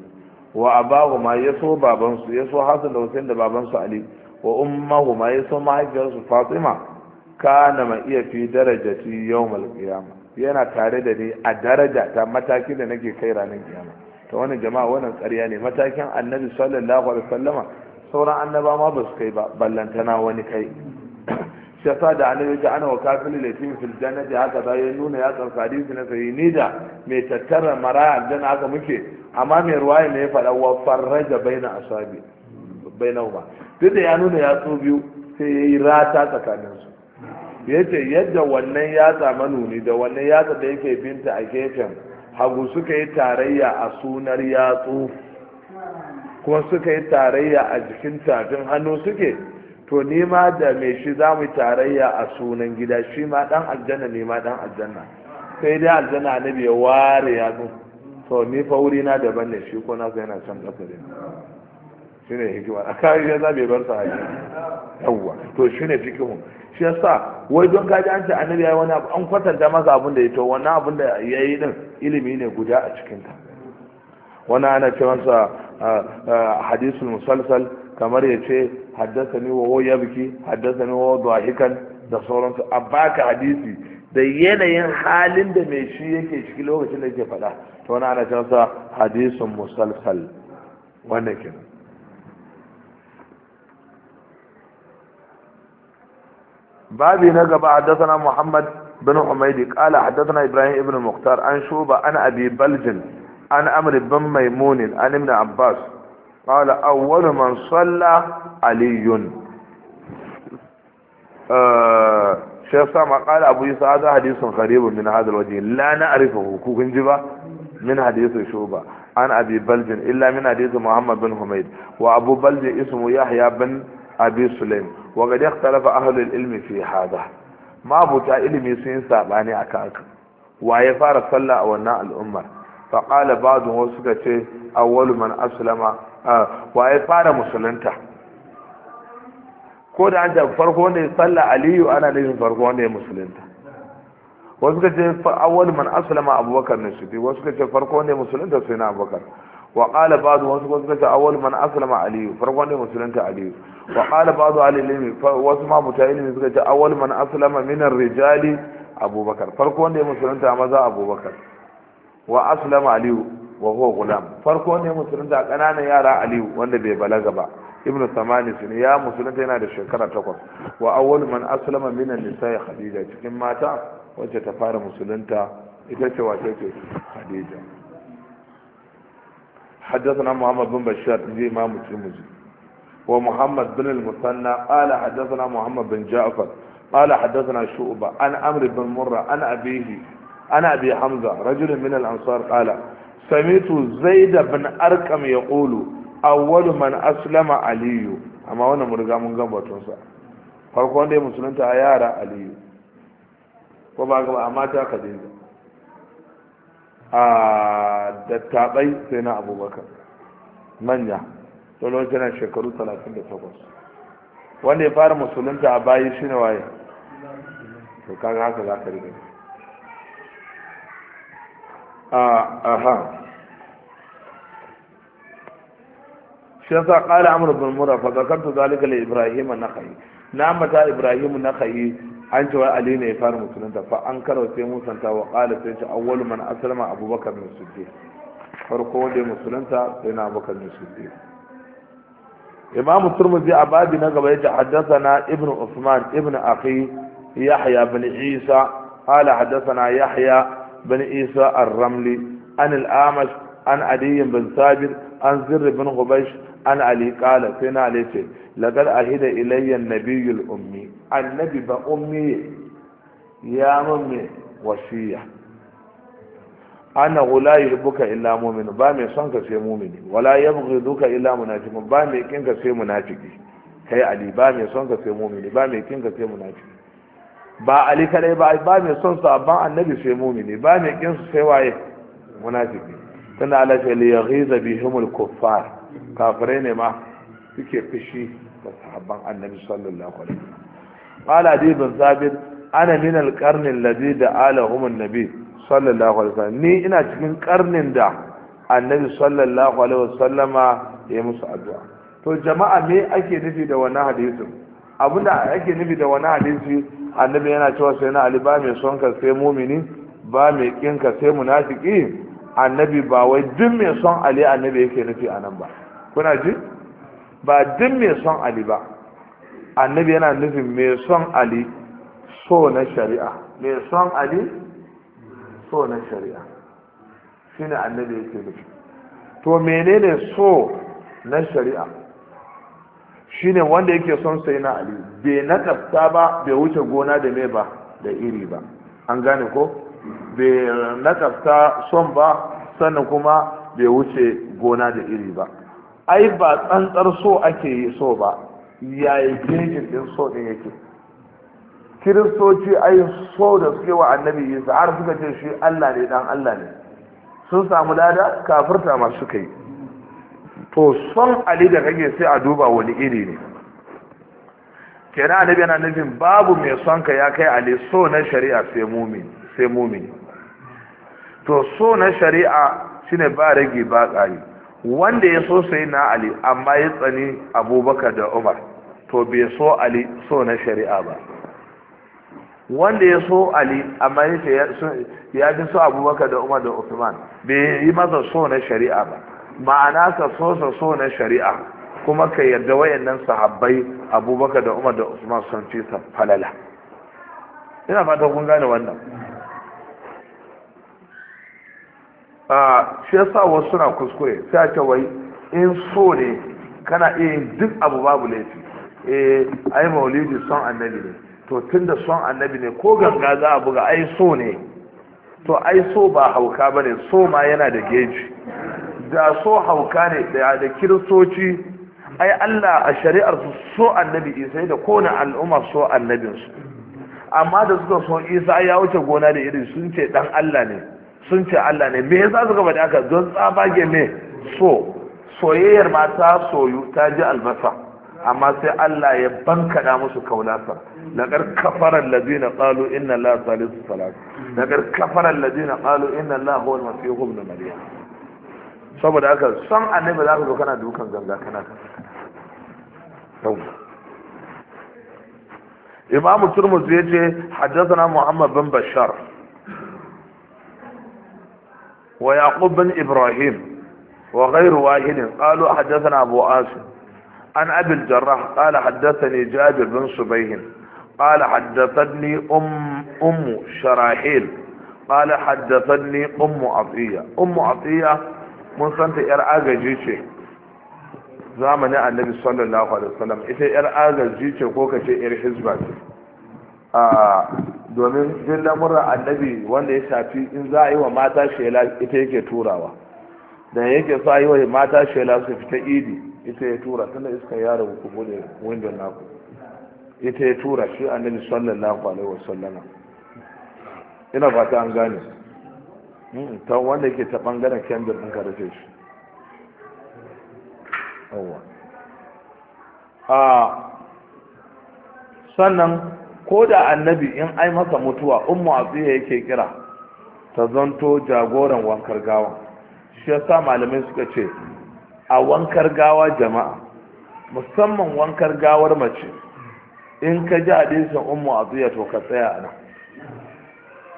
wa abahu ma ya so babansu ya so da husaini da babansu ali wa ummahu ma ya so mahaifiyarsu fatima kana ma iya fi darajati yawmal qiyama yana tare da ni a daraja ta mataki da nake kai ranar kiyama to wannan jama'a wannan ƙarya ne matakin annabi sallallahu alaihi wasallama sauran annaba ma ba su kai ba ballantana wani kai shi yasa da annabi ta ana wa kafin laifin fil jannati haka da ya nuna ya tsarka hadisi na sai ni da mai tattara maraya aljanna haka muke amma mai ruwaya ne ya faɗa wa farraja baina asabi baina ba duk da ya nuna ya tso biyu sai ya yi rata tsakaninsu ya ce yadda wannan yatsa manuni da wannan yatsa da yake binta a gefen hagu suka yi tarayya a sunar yatsu kuma suka yi tarayya a jikin tafin hannu suke to nima da mai shi za mu yi tarayya a sunan gida shi ma dan aljanna ne ma dan aljanna sai dai aljanna annabi bai ware ya zo to ni fa wuri na daban ne shi ko na sai yana can kasa ne shi ne hikima a kayan ya zabe bar sa hajji yawwa to shi ne fikihu shi ya sa wai don kaji an ce annabi ya yi wani abu an kwatanta masa abin da ya to wannan abin da ya yi din ilimi ne guda a cikinta wani ana ce masa hadisul musalsal kamar ya ce haddasani wa ya biki haddasani wa da sauransu a baka hadisi da yanayin halin da mai shi yake ciki lokacin da yake faɗa ta wani ana cewa sa hadisun musalsal wannan kenan babi na gaba haddasana muhammad bin حميد قال حدثنا ibrahim بن مختار an شوبة an abi baljin عن أمر بن ميمون عن ابن عباس قال أول من صلى علي آه، شيخ سامع قال أبو يسا هذا حديث غريب من هذا الوجه لا نعرفه كوكنجبا من حديث شوبا عن أبي بلج إلا من حديث محمد بن حميد وأبو بلج اسمه يحيى بن أبي سليم وقد اختلف أهل العلم في هذا ما بوتا علمي سين سابعني أكاك وهي صلى ونا الأمر faƙala ba'adu wasu suka ce awwalu man aslama waye fara musulunta ko da an jaɓi farko ne ya salla aliyu ana nufin farko wanda ya musulunta wasu ka ce awwalu man aslama abubakar ne shi wasu ka ce farko wanda ya musulunta sai na abubakar wa qala ba'du wasu wasu ka ce awwalu man aslama aliyu farko wanda ya musulunta aliyu wa qala ba'du alilmi wasu ma mutailimi suka ce awwalu man aslama min ar-rijali abubakar farko wanda ya musulunta maza abubakar wa aslama aliyu wa huwa gulam farko ne musulun musulunta kananan yara aliyu wanda bai balaga ba ibnu samani su ne ya musulunta yana da shekara takwas wa awwal man aslama min an-nisa khadija cikin mata wacce ta fara musulunta ita ce wace ce khadija حدثنا محمد بن بشار زي ما مسلمزي ومحمد بن المثنى قال حدثنا محمد بن جعفر قال حدثنا شعبة عن أمر بن مرة عن أبيه ana biya hamza rajulun min al-ansar qala samitu zaid ibn arqam yaqulu awwalu man aslama aliyu amma wannan mun riga mun gabatun sa farko wanda ya musulunta a yara aliyu ko ba ga amma ta khadija a dattabai sai na abubakar manya to yana shekaru 38 wanda ya fara musulunta a bayi shine waye kaga haka za ka riga aha shi yasa kala amur bin mura fa zakartu zalika li ibrahim na kai. na mata ibrahim na kai an ce wa ali ne ya fara musulunta fa an karo sai musanta wa kala sai ce awwalu man aslama abubakar bin siddiq farko wanda ya musulunta sai na abubakar bin siddiq imam turmuzi a babi na gaba yace haddathana ibnu usman ibnu akhi yahya bin isa قال حدثنا yahya بن عيسى الرملي عن الأعمش عن علي بن ثابت عن زر بن حبيش عن علي قال سيدنا علي سي لقد أهد إلي النبي الأمي النبي بأمي يا ممي وصية أنه لا يحبك إلا مؤمن بامي صنك سي مؤمن ولا يبغضك إلا منافق بامي كنك سي منافق كي علي بامي صنك سي مؤمن بامي كنك سي منافق ba ali kadai ba ba mai son sabon annabi sai mumini ba mai kin su sai waye munafiki tana ala fi li yaghiza bihum al kuffar kafirai ne ma suke fishi da sahabban annabi sallallahu alaihi wasallam qala abi bin sabit ana min al qarni alladhi da'alahum an-nabi sallallahu alaihi wasallam ni ina cikin karnin da annabi sallallahu alaihi wasallama ya musu addu'a to jama'a me ake nufi da wannan hadisin abinda ake nufi da wannan hadisi annabi yana cewa sai na ali ba mai son ka sai mumini ba mai kin ka sai munafiki annabi ba wai duk mai son ali annabi yake nufi anan ba kuna ji ba duk mai son ali ba annabi yana nufin mai son ali so na shari'a mai son ali so na shari'a shine annabi yake nufi to menene so na shari'a ne wanda yake son sai na ali bai tsafta ba bai wuce gona da me ba da iri ba an gane ko bai tsafta son ba sannan kuma bai wuce gona da iri ba ai ba tsantsar so ake yi so ba yayi gejin din so din yake kiristoci ai so da suke wa annabi yi har suka ce shi allah ne dan allah ne sun samu lada kafirta ma suka yi to son ali da kake sai a duba wani iri ne kenan annabi yana nufin babu mai son ka ya kai ali so na shari'a sai mumin. sai mumin to so na shari'a shine ba rage ba tsari wanda ya so sai na ali amma ya tsani abubakar da umar to bai so ali so na shari'a ba wanda ya so ali amma ya fi so abubakar da umar da usman bai yi masa so na shari'a ba ma'ana ka so sa so na shari'a kuma ka yarda wayannan sahabbai abubakar da umar da usman sun ci sa falala ina fata kun gane wannan shi yasa wasu suna kuskure sai ta wai in so ne kana iya yin duk abu babu laifi eh ai maulidi son annabi ne to tunda son annabi ne ko ganga za a buga ai so ne to ai so ba hauka bane so ma yana da geji da so hauka ne da kiristoci ai Allah a shari'ar su so annabi isa da kowane al'umma so annabinsu amma da suka so isa ya wuce gona da iri sun ce dan Allah ne sun ce Allah ne me yasa suka faɗi haka don tsabage ne so soyayyar mata soyu ta ji albasa amma sai Allah ya bankada musu kaunasa لقد كفر inna la Salisu الله ثالث ثلاثة لقد كفر الذين inna la الله هو المسيح ابن مريم saboda aka san annabi za ka zo kana dukan ganga kana imam turmus ya ce haddathana muhammad bin bashar wa yaqub bin ibrahim wa ghayr wahid qalu haddathana abu asim an abi al-jarrah qala haddathani jabir bin subayh قال حدثتني أم أم شراحيل قال حدثتني أم عطية أم عطية mun santa yar agaji ce zamanin annabi sallallahu alaihi wasallam ita yar agaji ce ko kace yar hizba ce a domin duk lamuran annabi wanda ya shafi in za a yi wa mata shela ita yake turawa da yake so a yi wa mata shela su fita idi ita ya tura tana iska yaro ku bude windon naku ita ya tura shi annabi sallallahu alaihi wasallama ina fata an gane ta wanda yake ta bangaren kendir din ka rufe shi sannan ko da annabi in ai masa mutuwa ummu asiya yake kira ta zanto jagoran wankar gawa shi ya sa malamai suka ce a wankar gawa jama'a musamman wankar gawar mace in ka ji hadisin ummu asiya to ka tsaya a nan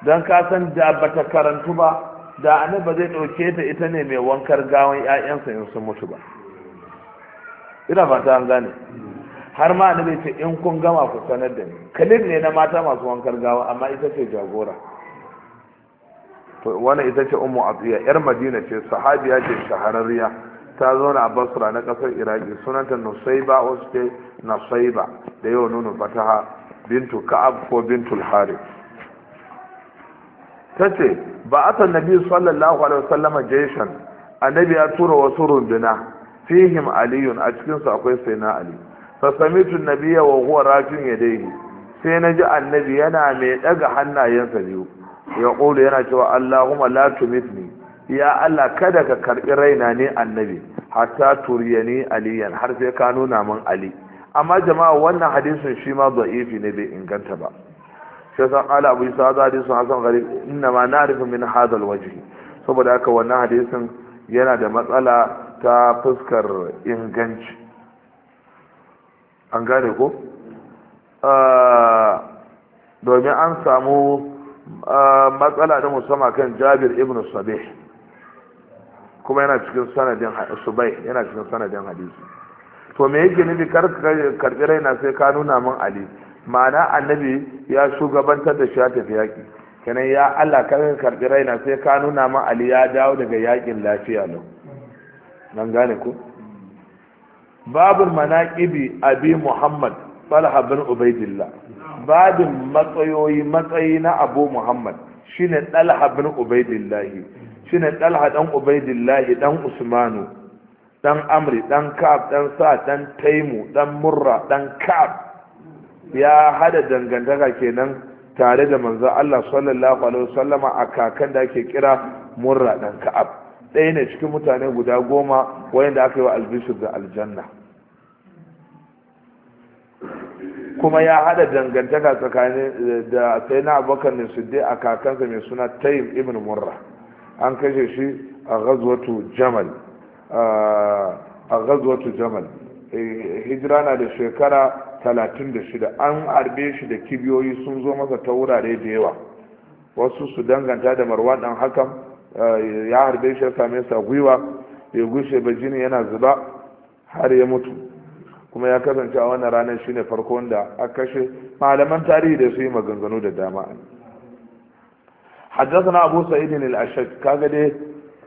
don ka san da bata karantu ba da annabi ba zai ɗauke ta ita ne mai wankar gawan ƴaƴansa in sun mutu ba ina fata an gane har ma annabi ce in kun gama ku sanar da ni kalin ne na mata masu wankar gawa amma ita ce jagora to wannan ita ce ummu atiya yar madina ce sahabiya ce shahararriya ta zauna a basra na kasar iraki sunanta nusaiba wasu ce nasaiba da yau nunu fataha bintu ka'ab ko bintul harith Ta ce, ba san nabi sallallahu alaihi wasallam jayshan annabi ya tura wasu runduna fihim aliyun a cikin su akwai Saina ali fa samitu nabiyya wa huwa rafin yadayhi sai ji annabi yana mai daga hannayensa biyu ya ƙulu yana cewa Allahumma la tumitni ya Allah kada ka karɓi raina ne annabi hatta turiyani aliyan har sai ka nuna min ali amma jama'a wannan hadisin shi ma da'ifi ne bai inganta ba sai san ala abu isa za hadisun hasan gari inna ma na rufe min hadal waje saboda haka wannan hadisin yana da matsala ta fuskar inganci an gane ko ah, domin an samu ah, matsala da musamman kan jabir ibn sabih kuma yana cikin sanadin subai yana cikin sanadin hadisi to me yake nufi karbi raina sai ka nuna min ali mana annabi ya shugabantar da shi ya tafi yaƙi kenan ya Allah ka karɓi raina sai ka nuna ma Ali ya dawo daga yaƙin lafiya lau nan gane ku babul manaqibi abi muhammad talha bin ubaidillah babin matsayoyi matsayi na abu muhammad shine talha bin ubaidillah shine talha dan ubaidillah dan usmanu dan amri dan ka'ab dan sa dan taimu dan murra dan ka'ab ya hada dangantaka kenan tare da manzo Allah sallallahu alaihi wasallama a kakan da ake kira murra dan ka'ab ɗaya ne cikin mutane guda goma wanda aka yi wa albishir da aljanna kuma ya hada dangantaka tsakanin da sai na abokan ne su dai a kakansa mai suna tayyib ibn murra an kashe shi a ghazwatu jamal a ghazwatu jamal eh, hijira na da shekara 36 an harbe shi da kibiyoyi sun zo masa ta wurare da yawa wasu su danganta da marwan dan hakan eh, ya harbe shi ya same sa gwiwa ya gushe ba jini yana zuba har ya mutu kuma ya kasance a wannan ranar shine farko wanda aka kashe malaman tarihi da su yi maganganu da dama حدثنا أبو سعيد dai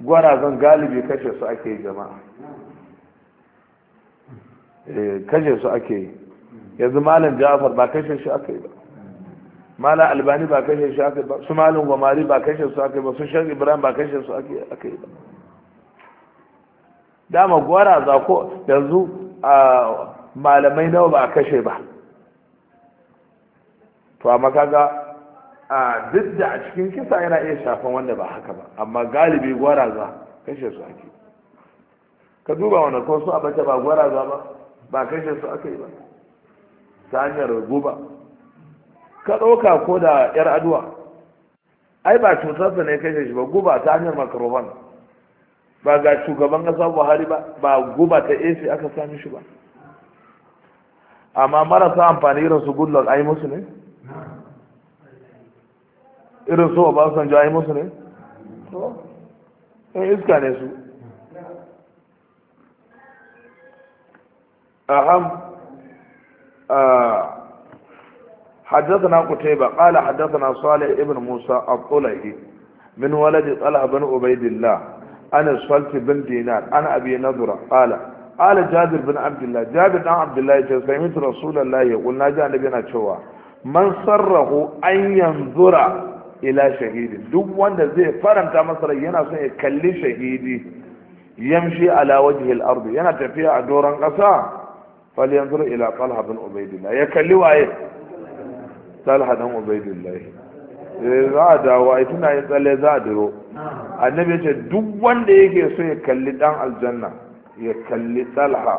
gwara zan galibi kashe su ake jama'a eh, kashe su ake yi yanzu malam jafar ba kashe shi aka yi ba malam albani ba kashe shi aka yi ba su malam gwamari ba kashe su aka yi ba su shan ibrahim ba kashe su aka yi ba dama gwara za ko yanzu malamai nawa ba a kashe ba to a makaga a duk da a cikin kisa yana iya shafan wanda ba haka ba amma galibi gwara za kashe su ake ka duba wani ko su a bace ba gwara za ba ba kashe su aka yi ba ta hanyar guba ka ɗauka ko da yar aduwa ai ba cutarsa ne kashe shi ba guba ta hanyar makarofan ba ga shugaban ƙasa buhari ba ba guba ta ac aka sami shi ba amma marasa amfani irin su goodluck ai musu ne irin su obasanjo ai musu ne in iska ne su aham حدثنا قتيبة قال حدثنا صالح ابن موسى الطلعي من ولد طلحة بن عبيد الله أنا الصلت بن دينار أنا أبي نظرة قال قال جابر بن عبد الله جابر بن عبد الله سمعت رسول الله يقول ناجى نبينا شوى من صره أن ينظر إلى شهيد duk wanda zai faranta masa yana son ya kalli shahidi yamshi ala wajhi al-ard yana tafiya falyanzur ila talha bin ubaidillah ya kalli waye talha dan ubaidillah eh, za a dawo ai tuna yin tsalle za a diro annabi ce duk wanda yake so ya kalli dan aljanna ya kalli talha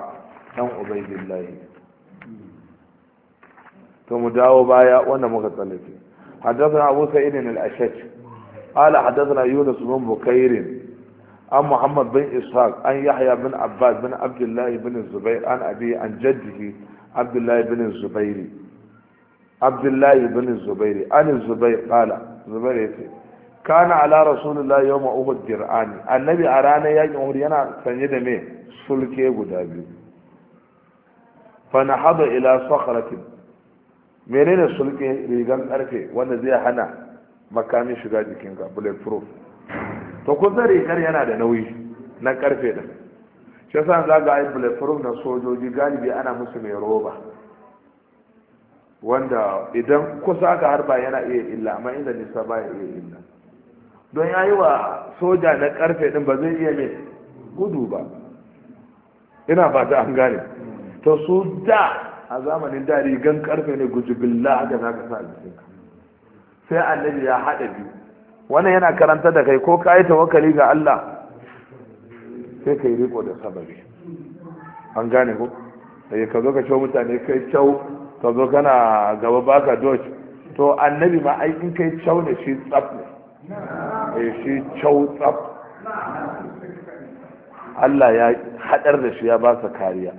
dan ubaidillah to mu dawo baya wanda muka tsallake حدثنا أبو سعيد الأشج قال حدثنا يونس بن بكير عن محمد بن إسحاق عن يحيى بن عباس بن عبد الله بن الزبير عن أبي عن جده عبد الله بن الزبير عبد الله بن الزبير عن الزبير قال زبير كان على رسول الله يوم أحد درعان النبي أرانا يجي أحد ينا سنجد مي سلكي قدابي فنحض إلى صخرة menene sulke rigan karfe wanda zai hana makamin shiga jikinka bullet proof to ko zare kar yana da nauyi na karfe da shi yasa za ga ai bulletproof na sojoji galibi ana musu mai roba wanda idan kusa ka harba yana iya illa amma inda nisa ba ya iya illa don ya yi wa soja na karfe din ba zai iya mai gudu ba ina ba ta an gane to su da a zamanin da rigan karfe ne gujubilla haka za ka sa a sai annabi ya haɗa biyu wannan yana karanta da kai ko ka yi tawakkali ga Allah sai ka yi riko da sababi an gane ko sai eh, ka zo ka cewa mutane kai cau ka zo kana gaba baka doge to annabi ma ai in kai cau ne shi tsaf ne eh, shi cau tsaf Allah ya hadar da shi ya ba sa kariya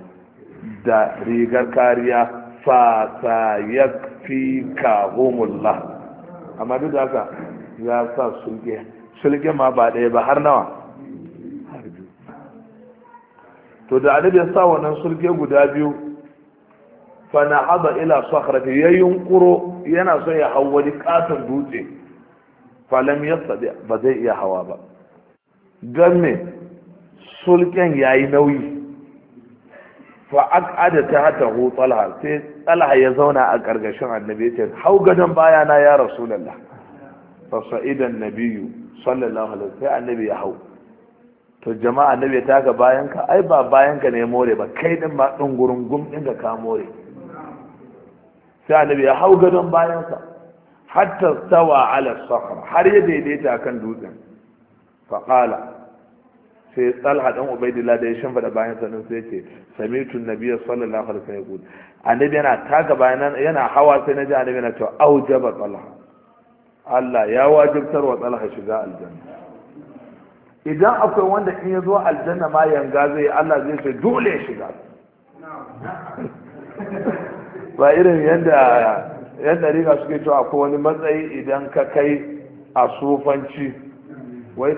da rigar kariya fa sa yakfi kahumullah amma duk da haka ya sa sulge sulge ma ba ɗaya ba har nawa har biyu to da annabi ya sa wannan sulge guda biyu fa na haza ila sakhrati ya yunkuro yana so ya hau wani katon dutse fa lam yastadi ba zai iya hawa ba don me sulken yayi nauyi fa aqada ta hata hu talha sai talha ya zauna a gargashin annabi ce hau gadon bayana ya rasulullah fasa'idan nabiyu sallallahu alaihi wasallam sai annabi ya hau to jama'a annabi ta ga bayan ka ai ba bayan ka ne more ba kai din ma din gurin gum din ka ka more sai annabi ya hau gadon bayan sa hatta sawa ala sakhra har ya daidaita kan dutsen fa qala sai talha dan ubaidillah da ya shimfida bayan sa sanin sai ce samitu nabiyya sallallahu alaihi wasallam annabi yana ga bayan yana hawa sai naji annabi yana to aujaba talha Allah ya wajibtar wa talha shiga aljanna idan akwai wanda in ya zo aljanna ma yanga zai Allah zai ce dole ya shiga ba irin yadda yan dariƙa suke cewa akwai wani matsayi idan ka kai a sufanci wai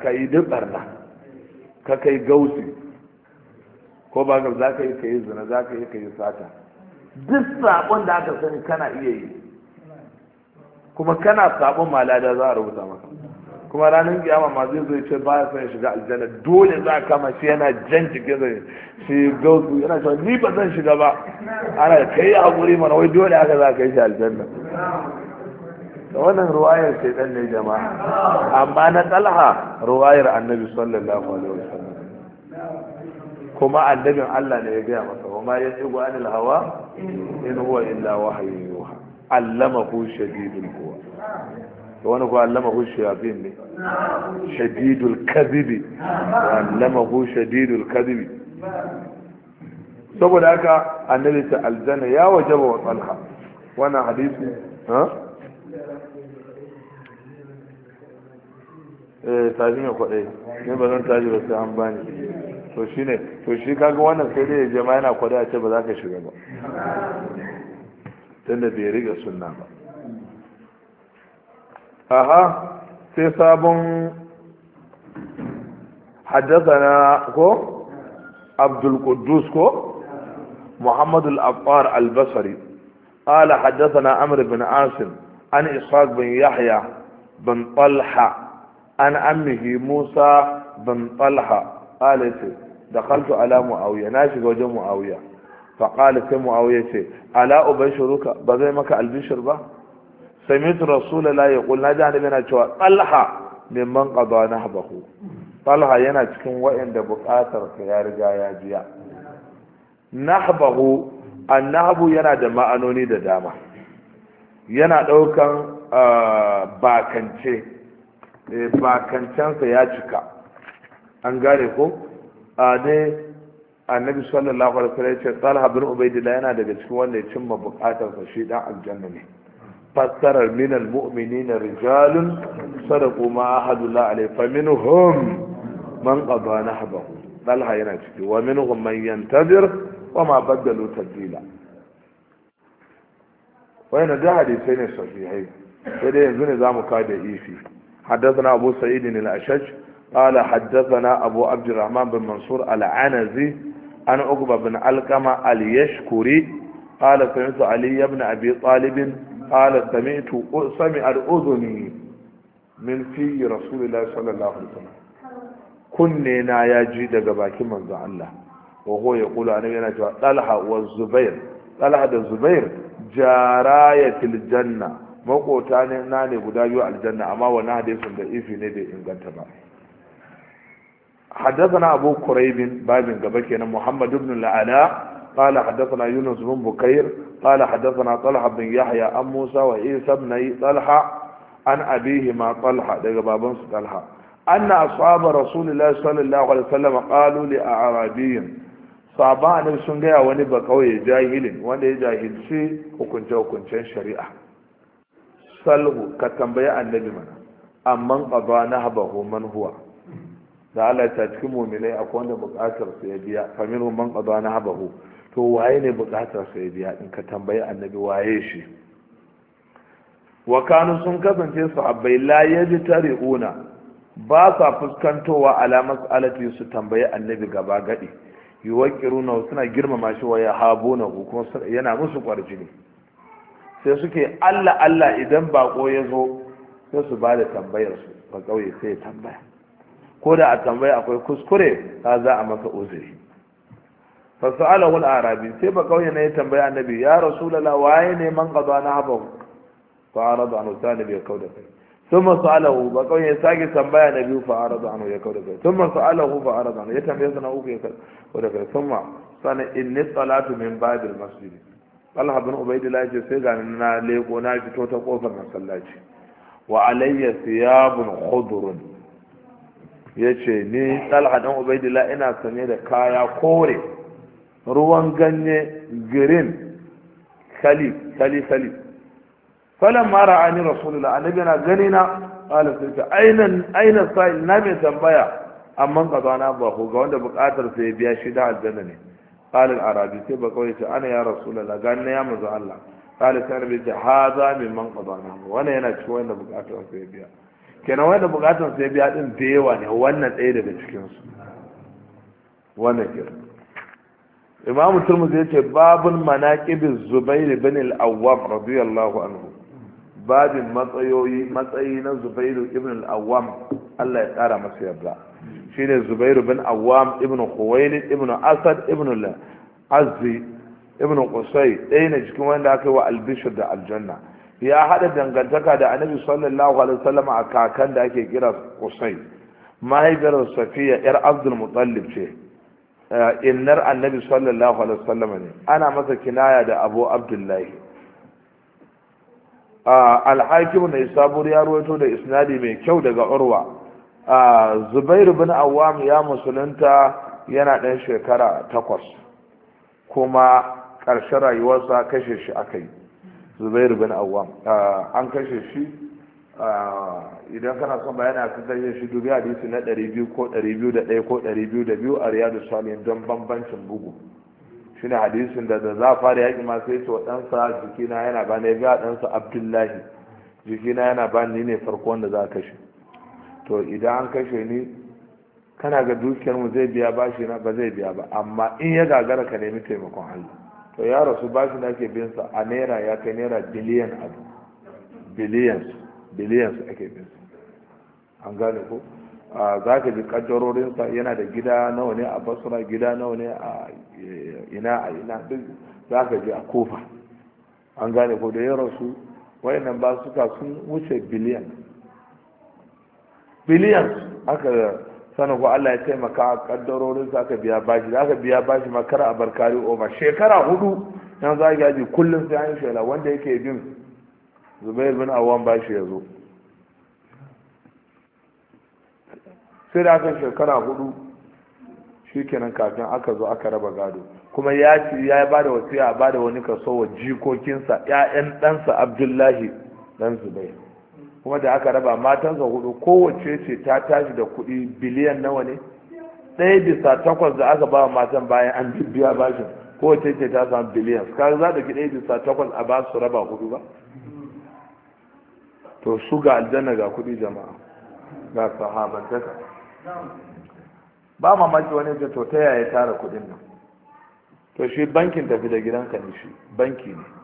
ka yi duk barna ka kai gausi ko ba ga za ka yi ka yi zina za ka yi ka yi sata duk saƙon da aka sani kana iya yi kuma kana sabon malada za a rubuta maka kuma ranar kiyama ma zai zo ce ba ya shiga aljanna dole za a kama shi yana jan cike da shi gautu yana cewa ni ba zan shiga ba ana kai a guri mana wai dole haka za a kai shi aljanna wannan ruwayar sai dan ne jama'a amma na talha ruwayar annabi sallallahu alaihi wasallam kuma annabin Allah ne ya gaya masa wa ma yanzu anil hawa in huwa illa wahyu allamahu shadidul Kuwa, to wani Allama allamahu shafin ne shadidul Allama allamahu shadidul Kazibi. saboda haka annabi ta aljanna ya wajaba wa talha wannan hadisi ha eh taji ne kwadai ne ba zan taji ba sai an bani to shine to shi kaga wannan sai dai jama'a yana kwadai a ce ba za ka shiga ba tunda bai riga sunna ba aha حدثنا كو عبد القدوس كو محمد الأبطار البصري قال حدثنا أمر بن عاصم عن إسحاق بن يحيى بن طلحة عن أمه موسى بن طلحة قال إيه؟ دخلت على معاوية ناشي وجه معاوية faƙali sai mu'awiya ce ala uban shuruka ba zai maka albishir ba samitu rasulullah ya kulna ji annabi yana cewa talha min man qada nahbahu talha yana cikin wa'anda buƙatar ka ya riga ya biya nahbahu annahbu yana da ma'anoni da dama yana ɗaukan bakance bakancensa ya cika an gane ko a ne annabi sallallahu alaihi wasallam ya ce talha bin ubaidillah yana daga cikin wanda ya cimma bukatar sa shi dan aljanna ne fassarar min almu'minina rijalun sadaqu ma ahadullah alaihi fa minhum man qada nahbahu talha yana ciki wa minhum man yantadir wa ma badalu Wai na da hadisai ne sahihai sai dai yanzu ne zamu ka da ifi حدثنا أبو سعيد الأشج قال حدثنا أبو عبد الرحمن بن منصور العنزي an uqba bin alqama al-yashkuri qala sami'tu ali ibn abi talib qala sami'tu sami'a al-udhuni min fi rasulillahi sallallahu alaihi wasallam kunne na ya ji daga bakin manzon Allah wa huwa yaqulu annabi yana cewa talha wa zubair talha da zubair jarayatil janna makota ne na ne guda biyu aljanna amma wannan hadisin da ifi ne bai inganta ba حدثنا أبو كريب باب قبكنا محمد بن العلاء قال حدثنا يونس بن بكير قال حدثنا طلحة بن يحيى أم موسى وعيسى بن طلحة عن أبيهما طلحة دقى بابنس طلحة أن أصحاب رسول الله صلى الله عليه وسلم قالوا لأعرابي صعبا أن سنجا ونبا قوي جاهل وانا جاهل شيء وكنت وكنت شريعة سلغ كتنبيا النبي منا أمن قضى نهبه من هو da Allah ya cikin mu'minai a wanda bukatar su ya biya famin man qada na habahu to waye ne bukatar su ya biya in ka tambayi annabi waye shi wa sun kasance su abai la una ba sa fuskantowa ala mas'alati su tambayi annabi gaba gadi yuwaqiruna suna girmama shi wa yahabuna kuma yana musu kwarjini sai suke Allah Allah idan bako ya zo sai su ba da tambayar su ba kauye sai tambaya ko da a tambaya akwai kuskure ta za a maka uzuri fasa'alahu al-arabi sai ba kauye ne ya tambaya annabi ya rasu lala waye ne man gaba na da fa arada anhu talibi kauda kai thumma sa'alahu ba kauye ya sake tambaya annabi fa da anhu ya kauda kai thumma sa'alahu fa da anhu ya tambaya sana uku ya kauda kai thumma sana inni salatu min babil masjid Allah bin Ubaidillah ce sai ga na leko na fito ta kofar masallaci wa alayya thiyabun khudrun ya ce ni talha dan ubaidillah ina sanye da kaya kore ruwan ganye girin kali kali kali falan mara ani rasulullah annabi yana gani na qala sai aina aina na mai tambaya amma kazana ba ku ga wanda bukatar sai biya shi da aljanna ne qala arabi sai ba kawai ce ana ya rasulullah gani ya mazu Allah qala sai annabi man mimman ba wannan yana ci wanda bukatar sai biya kenan wanda bukatun sai biya din da yawa ne wannan ɗaya daga cikinsu wannan kira imamu turmuzi ya ce babun manaƙibin zubairu bin al'awwam radiyallahu anhu babin matsayoyi matsayi na zubairu ibn al'awwam allah ya ƙara masa yarda shine zubairu bin awwam ibn khuwailid ibn asad ibn azzi ibn qusay ɗaya ne cikin wanda aka yi wa albishir da aljanna ya haɗa dangantaka da annabi sallallahu alaihi wasallam a kakan da ake kira kusai. mahaifiyar Safiya yar Abdul Muttalib ce eh, innar annabi sallallahu alaihi wasallam ne ana masa kinaya da Abu Abdullahi ah, al-Hakim ne sabur ya ruwaito da isnadi mai kyau daga Urwa ah, Zubair bin Awwam ya musulunta yana ɗan shekara takwas kuma ƙarshen rayuwarsa kashe shi aka yi zubairu bin awam ah, an kashe shi ah, idan kana son bayani a kan kashe shi dubi hadisi na 200 ko 201 ko 202 a riyadu salihin don bambancin bugu shi hadisin da da za fara yaƙi ma sai ce ɗansa jikina yana ba ne ga ɗansa abdullahi jikina yana ba ni ne farko wanda za a kashe to idan an kashe ni kana ga dukiyar mu zai biya bashi na ba zai biya ba amma in ya gagara ka nemi taimakon Allah to ya rasu bashi na ake sa a naira ya kai naira biliyan abu biliyan, billions ake sa an gane ko za ka ji sa yana da gida nawa ne a basra gida nawa ne a eh, ina a ina duk za ka ji a kofa an gane ko da ya rasu wayannan ba suka sun wuce biliyan biliyan aka sanin ko Allah ya taimaka a kaddarorin sa ka biya bashi da aka biya bashi ma kar a barkari kari over shekara hudu yan za ga ji kullum sai an shela wanda yake bin Zubair bin Awwan bashi ya zo sai da aka shekara hudu kenan kafin aka zo aka raba gado kuma ya ci ya ba da wasiya ba da wani kaso wa jikokinsa ƴaƴan ɗansa Abdullahi dan Zubair kuma da aka raba matan matansa hudu kowace ce ta tashi da kuɗi biliyan nawa ne ɗaya bisa takwas da aka ba matan bayan an biya bashin kowace ce ta samu biliyan ka za da ki ɗaya bisa takwas a ba su raba hudu ba to su ga aljanna ga kuɗi jama'a ga sahabantaka ba mamaki wani ce to ta yaya tara kuɗin nan to shi bankin tafi da gidanka ne shi banki ne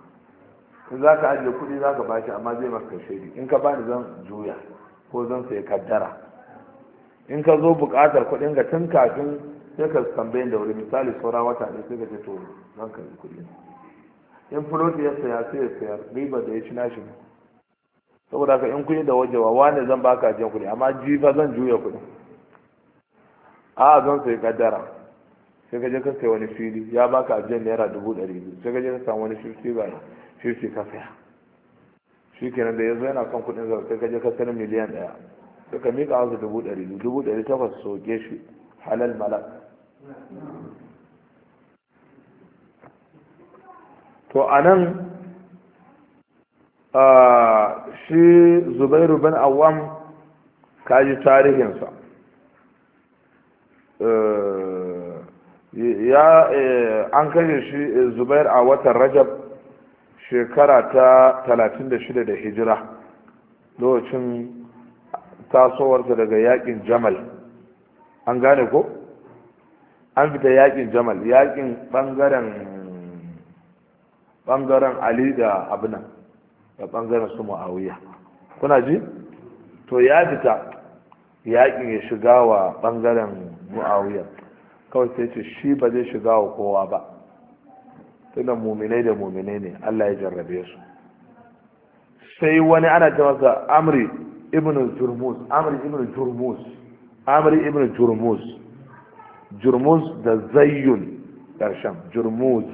in za ka ajiye kuɗi za ka bashi amma zai maka shaidi in ka bani zan juya ko zan sai kaddara in ka zo buƙatar kuɗin ga tun kafin sai ka tambaye da wuri misali saura wata ne sai ka ce to zan kai kuɗi in fulot ya saya sai ya saya, riba da ya ci nashi saboda haka in kuɗi da wajewa wane zan baka ajiyan kuɗi amma jifa zan juya kuɗi a zan sai kaddara sai ka je ka sai wani fili ya baka ajiyar naira dubu ɗari biyu sai ka je ka samu wani fifty ba shi ka saya shi kenan da yanzu yana kan kudin zarafi ka kaje ka sanin miliyan daya suka mika wasu dubu ɗari dubu ɗari takwas soke shi halal malak to a nan shi zubairu bin awam kaji tarihinsa e, ya e, an kashe shi zubair a watan rajab shekara ta 36 da hijira lokacin tasowarsa daga yakin jamal an gane ko an fita yakin jamal yakin bangaren bangaren ali da abinan da bangaren su mu'awiya kuna ji to ya fita yakin ya shiga wa bangaren mu'awiya kawai sai ce shi ba zai shiga wa kowa ba suna muminai da muminai ne Allah ya jarrabe su sai wani ana ta masa amri ibn jurmus amri ibn jurmus amri ibn jurmus jurmus da zayyun karshen jurmus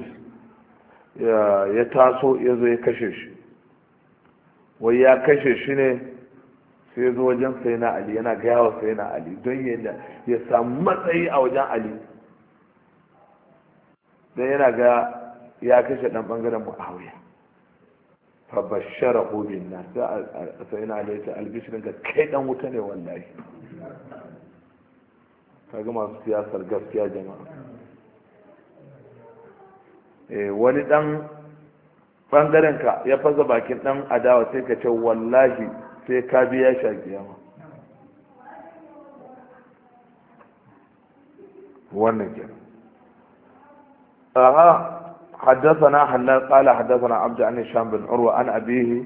ya taso ya zo ya kashe shi wai ya kashe shi ne sai zo wajen sai na ali yana gaya wa sai na ali don ya samu matsayi a wajen ali don yana ga ya kashe dan bangaren muawiya fa basharahu bin nar sai na alaita albishirin ga kai dan wuta ne wallahi kaga masu siyasar gaskiya jama'a eh, wani dan bangaren ka ya fasa bakin dan adawa sai ka ce wallahi sai ka biya shi a kiyama wannan kenan aha حدثنا حلال قال حدثنا عبد عن هشام بن عروة عن أبيه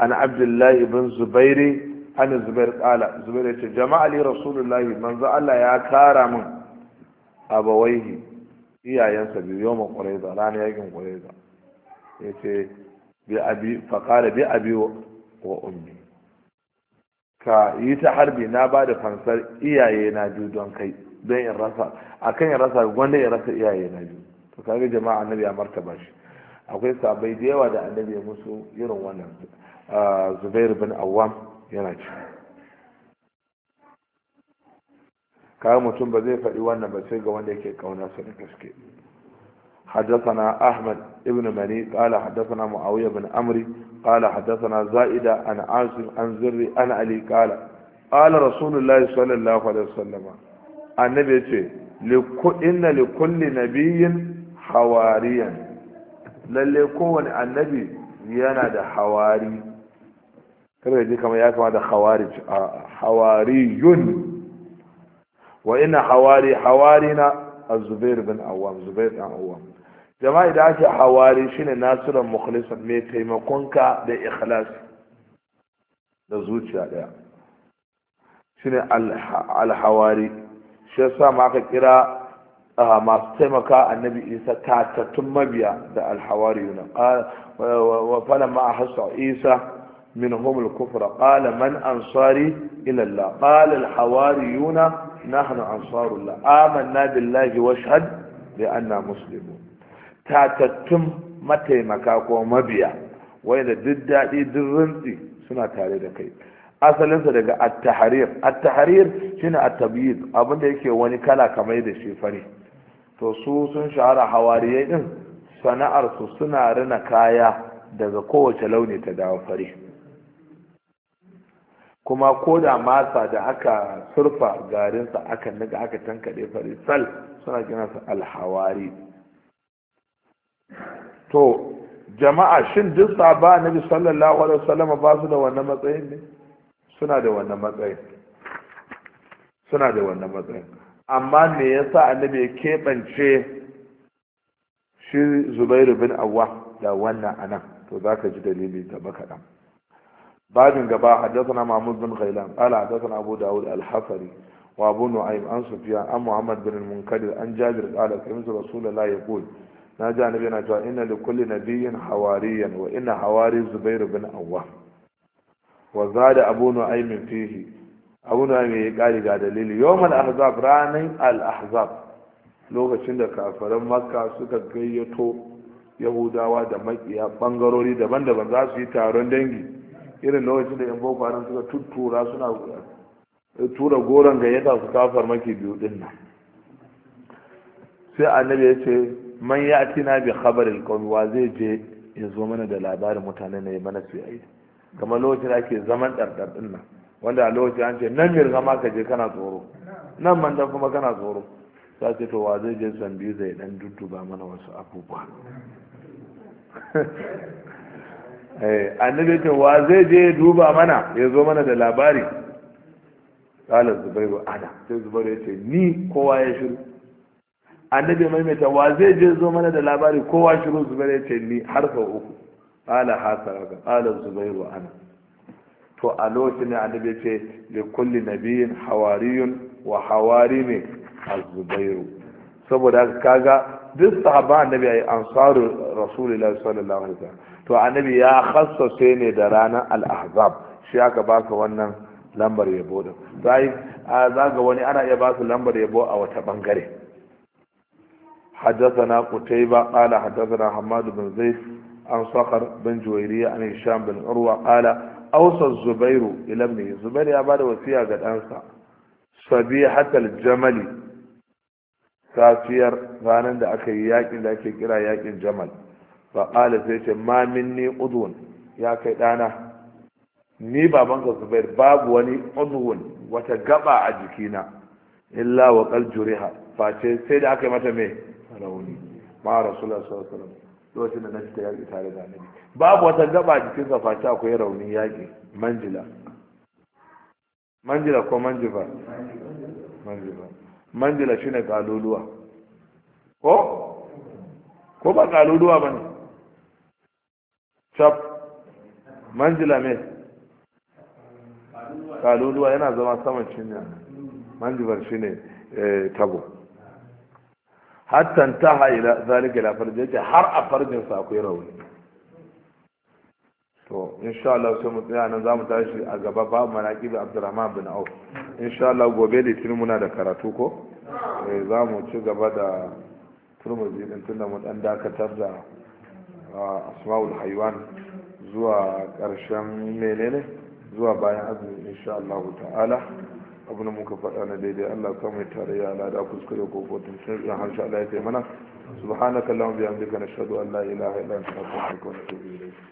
عن عبد الله بن زبير عن الزبير قال زبير جمع لي رسول الله من زعل يا كارم أبويه إيا ينسى بيوم قريضة لا يقم قريضة يتي بأبي فقال بأبي وأمي ka yi ta harbi na ba da fansar iyaye na biyu don kai don in rasa a kan in rasa wanda in rasa iyaye na biyu to kage jama'a annabi ya martaba shi akwai sabai da yawa da annabi ya musu irin wannan ah, zubair bin awam yana ci kaga mutum ba zai faɗi wannan ba sai ga wanda yake kauna su da gaske حدثنا أحمد ابن مني قال حدثنا معاوية بن أمري قال حدثنا زائدة عن عاصم عن زري عن علي قال قال رسول الله صلى الله عليه وسلم النبي يقول إن لكل نبي hawariyan lalle kowane annabi yana da hawari kada ji kamar ya kama da hawari hawariyun wa ina hawari hawari na azubair bin awam zubair bin awam jama'a da ake hawari shine nasiran mukhlisan mai taimakonka da ikhlas da zuciya daya shine al-hawari shi yasa ma aka kira masu taimaka annabi isa tattatun mabiya da alhawari yunan wa fana ma a isa min humul kufra ƙala man ansari ilallah ƙala alhawari yuna na hannun ansarun la'aman billahi wa shahad da anna muslimu mataimaka ko mabiya wanda duk daɗi duk rintsi suna tare da kai asalinsa daga at-tahrir at-tahrir shine at-tabyid abinda yake wani kala kamar da shi fari to su sun shahara hawariye din su suna rina kaya daga kowace launi ta dawo fari kuma ko da masa da aka surfa garinsa aka niga aka tankade fari sal suna su alhawari to jama'a shin duk sahaba nabi sallallahu alaihi wasallam ba su da wannan matsayin ne suna da wannan matsayin suna da wannan matsayin amma me yasa annabi ya keɓance shi zubairu bin awwa da wannan anan to za ka ji dalili da makaɗan babin gaba حدثنا محمود بن غيلان قال حدثنا ابو داود الحفري وابو نعيم عن سفيان عن محمد بن المنكدر عن جابر قال سمعت رسول الله يقول ناجى نبينا جاء ان لكل نبي حواريا وان حواري زبير بن اوام وزاد ابو نعيم فيه abu da mai kari ga dalili yawon ahzab ranar al ahzab lokacin da kafarin makka suka gayyato yahudawa da makiya bangarori daban-daban za su yi taron dangi irin lokacin da yan boko suka tuttura suna eh, tura goron gayyata su kafar maki biyu din nan sai annabi ya ce man ya tina bi khabaril qawmi wa zai je ya zo mana da labarin mutane na yi mana su yi kamar lokacin da ake zaman ɗarɗar din nan wanda a lokaci an ce nan mirga ma ka je kana tsoro nan manta kuma kana tsoro za ce to wa zai je zambi zai dan dudduba mana wasu abubuwa eh, annabi ce wa zai je duba mana ya zo mana da labari kala zubairu ana sai zubairu ya ce ni kowa ya shiru annabi maimaita wa zai je zo mana da labari kowa shiru zubairu ya ce ni har sau uku kala hasaraka kala zubairu ana to a lokacin ne annabi ya ce li kulli nabiyin hawariyun wa hawari ne az-zubairu saboda haka kaga duk sahaba annabi ayi ansaru rasulullahi sallallahu alaihi wasallam to annabi ya khassace ne da ranar al-ahzab shi aka baka wannan lambar yabo din sai zaga wani ana iya basu lambar yabo a wata bangare حدثنا قتيبة قال حدثنا حماد بن زيد عن صخر بن جويرية عن هشام بن عروة قال Hausar zubairu ilamni zubair ya bada wasiya ga ɗansa sabihatal jamali safiyar ranar da aka yi yakin da ake kira yakin jamal fa qala sai ce ma minni udun ya kai ɗana. ni baban babanka zubair babu wani udun wata gaba a jikina illa wa qal face sai da aka yi mata mai rauni ma rasulullah sallallahu alaihi wasallam lokacin da na yaki tare da annabi babu wata gaba jikin sa akwai raunin yaƙi manjila manjila ko manjiba manjiba manjila shine kaluluwa ko ko ba kaluluwa bane chap manjila me kaluluwa yana zama saman cinya manjibar shine eh, tabo hatta ta ila zalika la farjaji har a farjin sa akwai rauni to insha Allah sai mu tsaya nan zamu tashi a gaba ba manaqib Abdurrahman bin Auf insha Allah gobe da tun muna da karatu ko eh zamu ci gaba da turmuzi din tunda mu dan dakatar da ah, asmaul haywan zuwa karshen menene zuwa bayan azumi insha Allah ta'ala abin da muka faɗa na daidai Allah kuma ya tarayya ala da kuskure ko kotun sun ran harshe Allah ya taimana subhanaka allahumma bihamdika nashhadu an la ilaha illa anta astaghfiruka wa atubu ilayk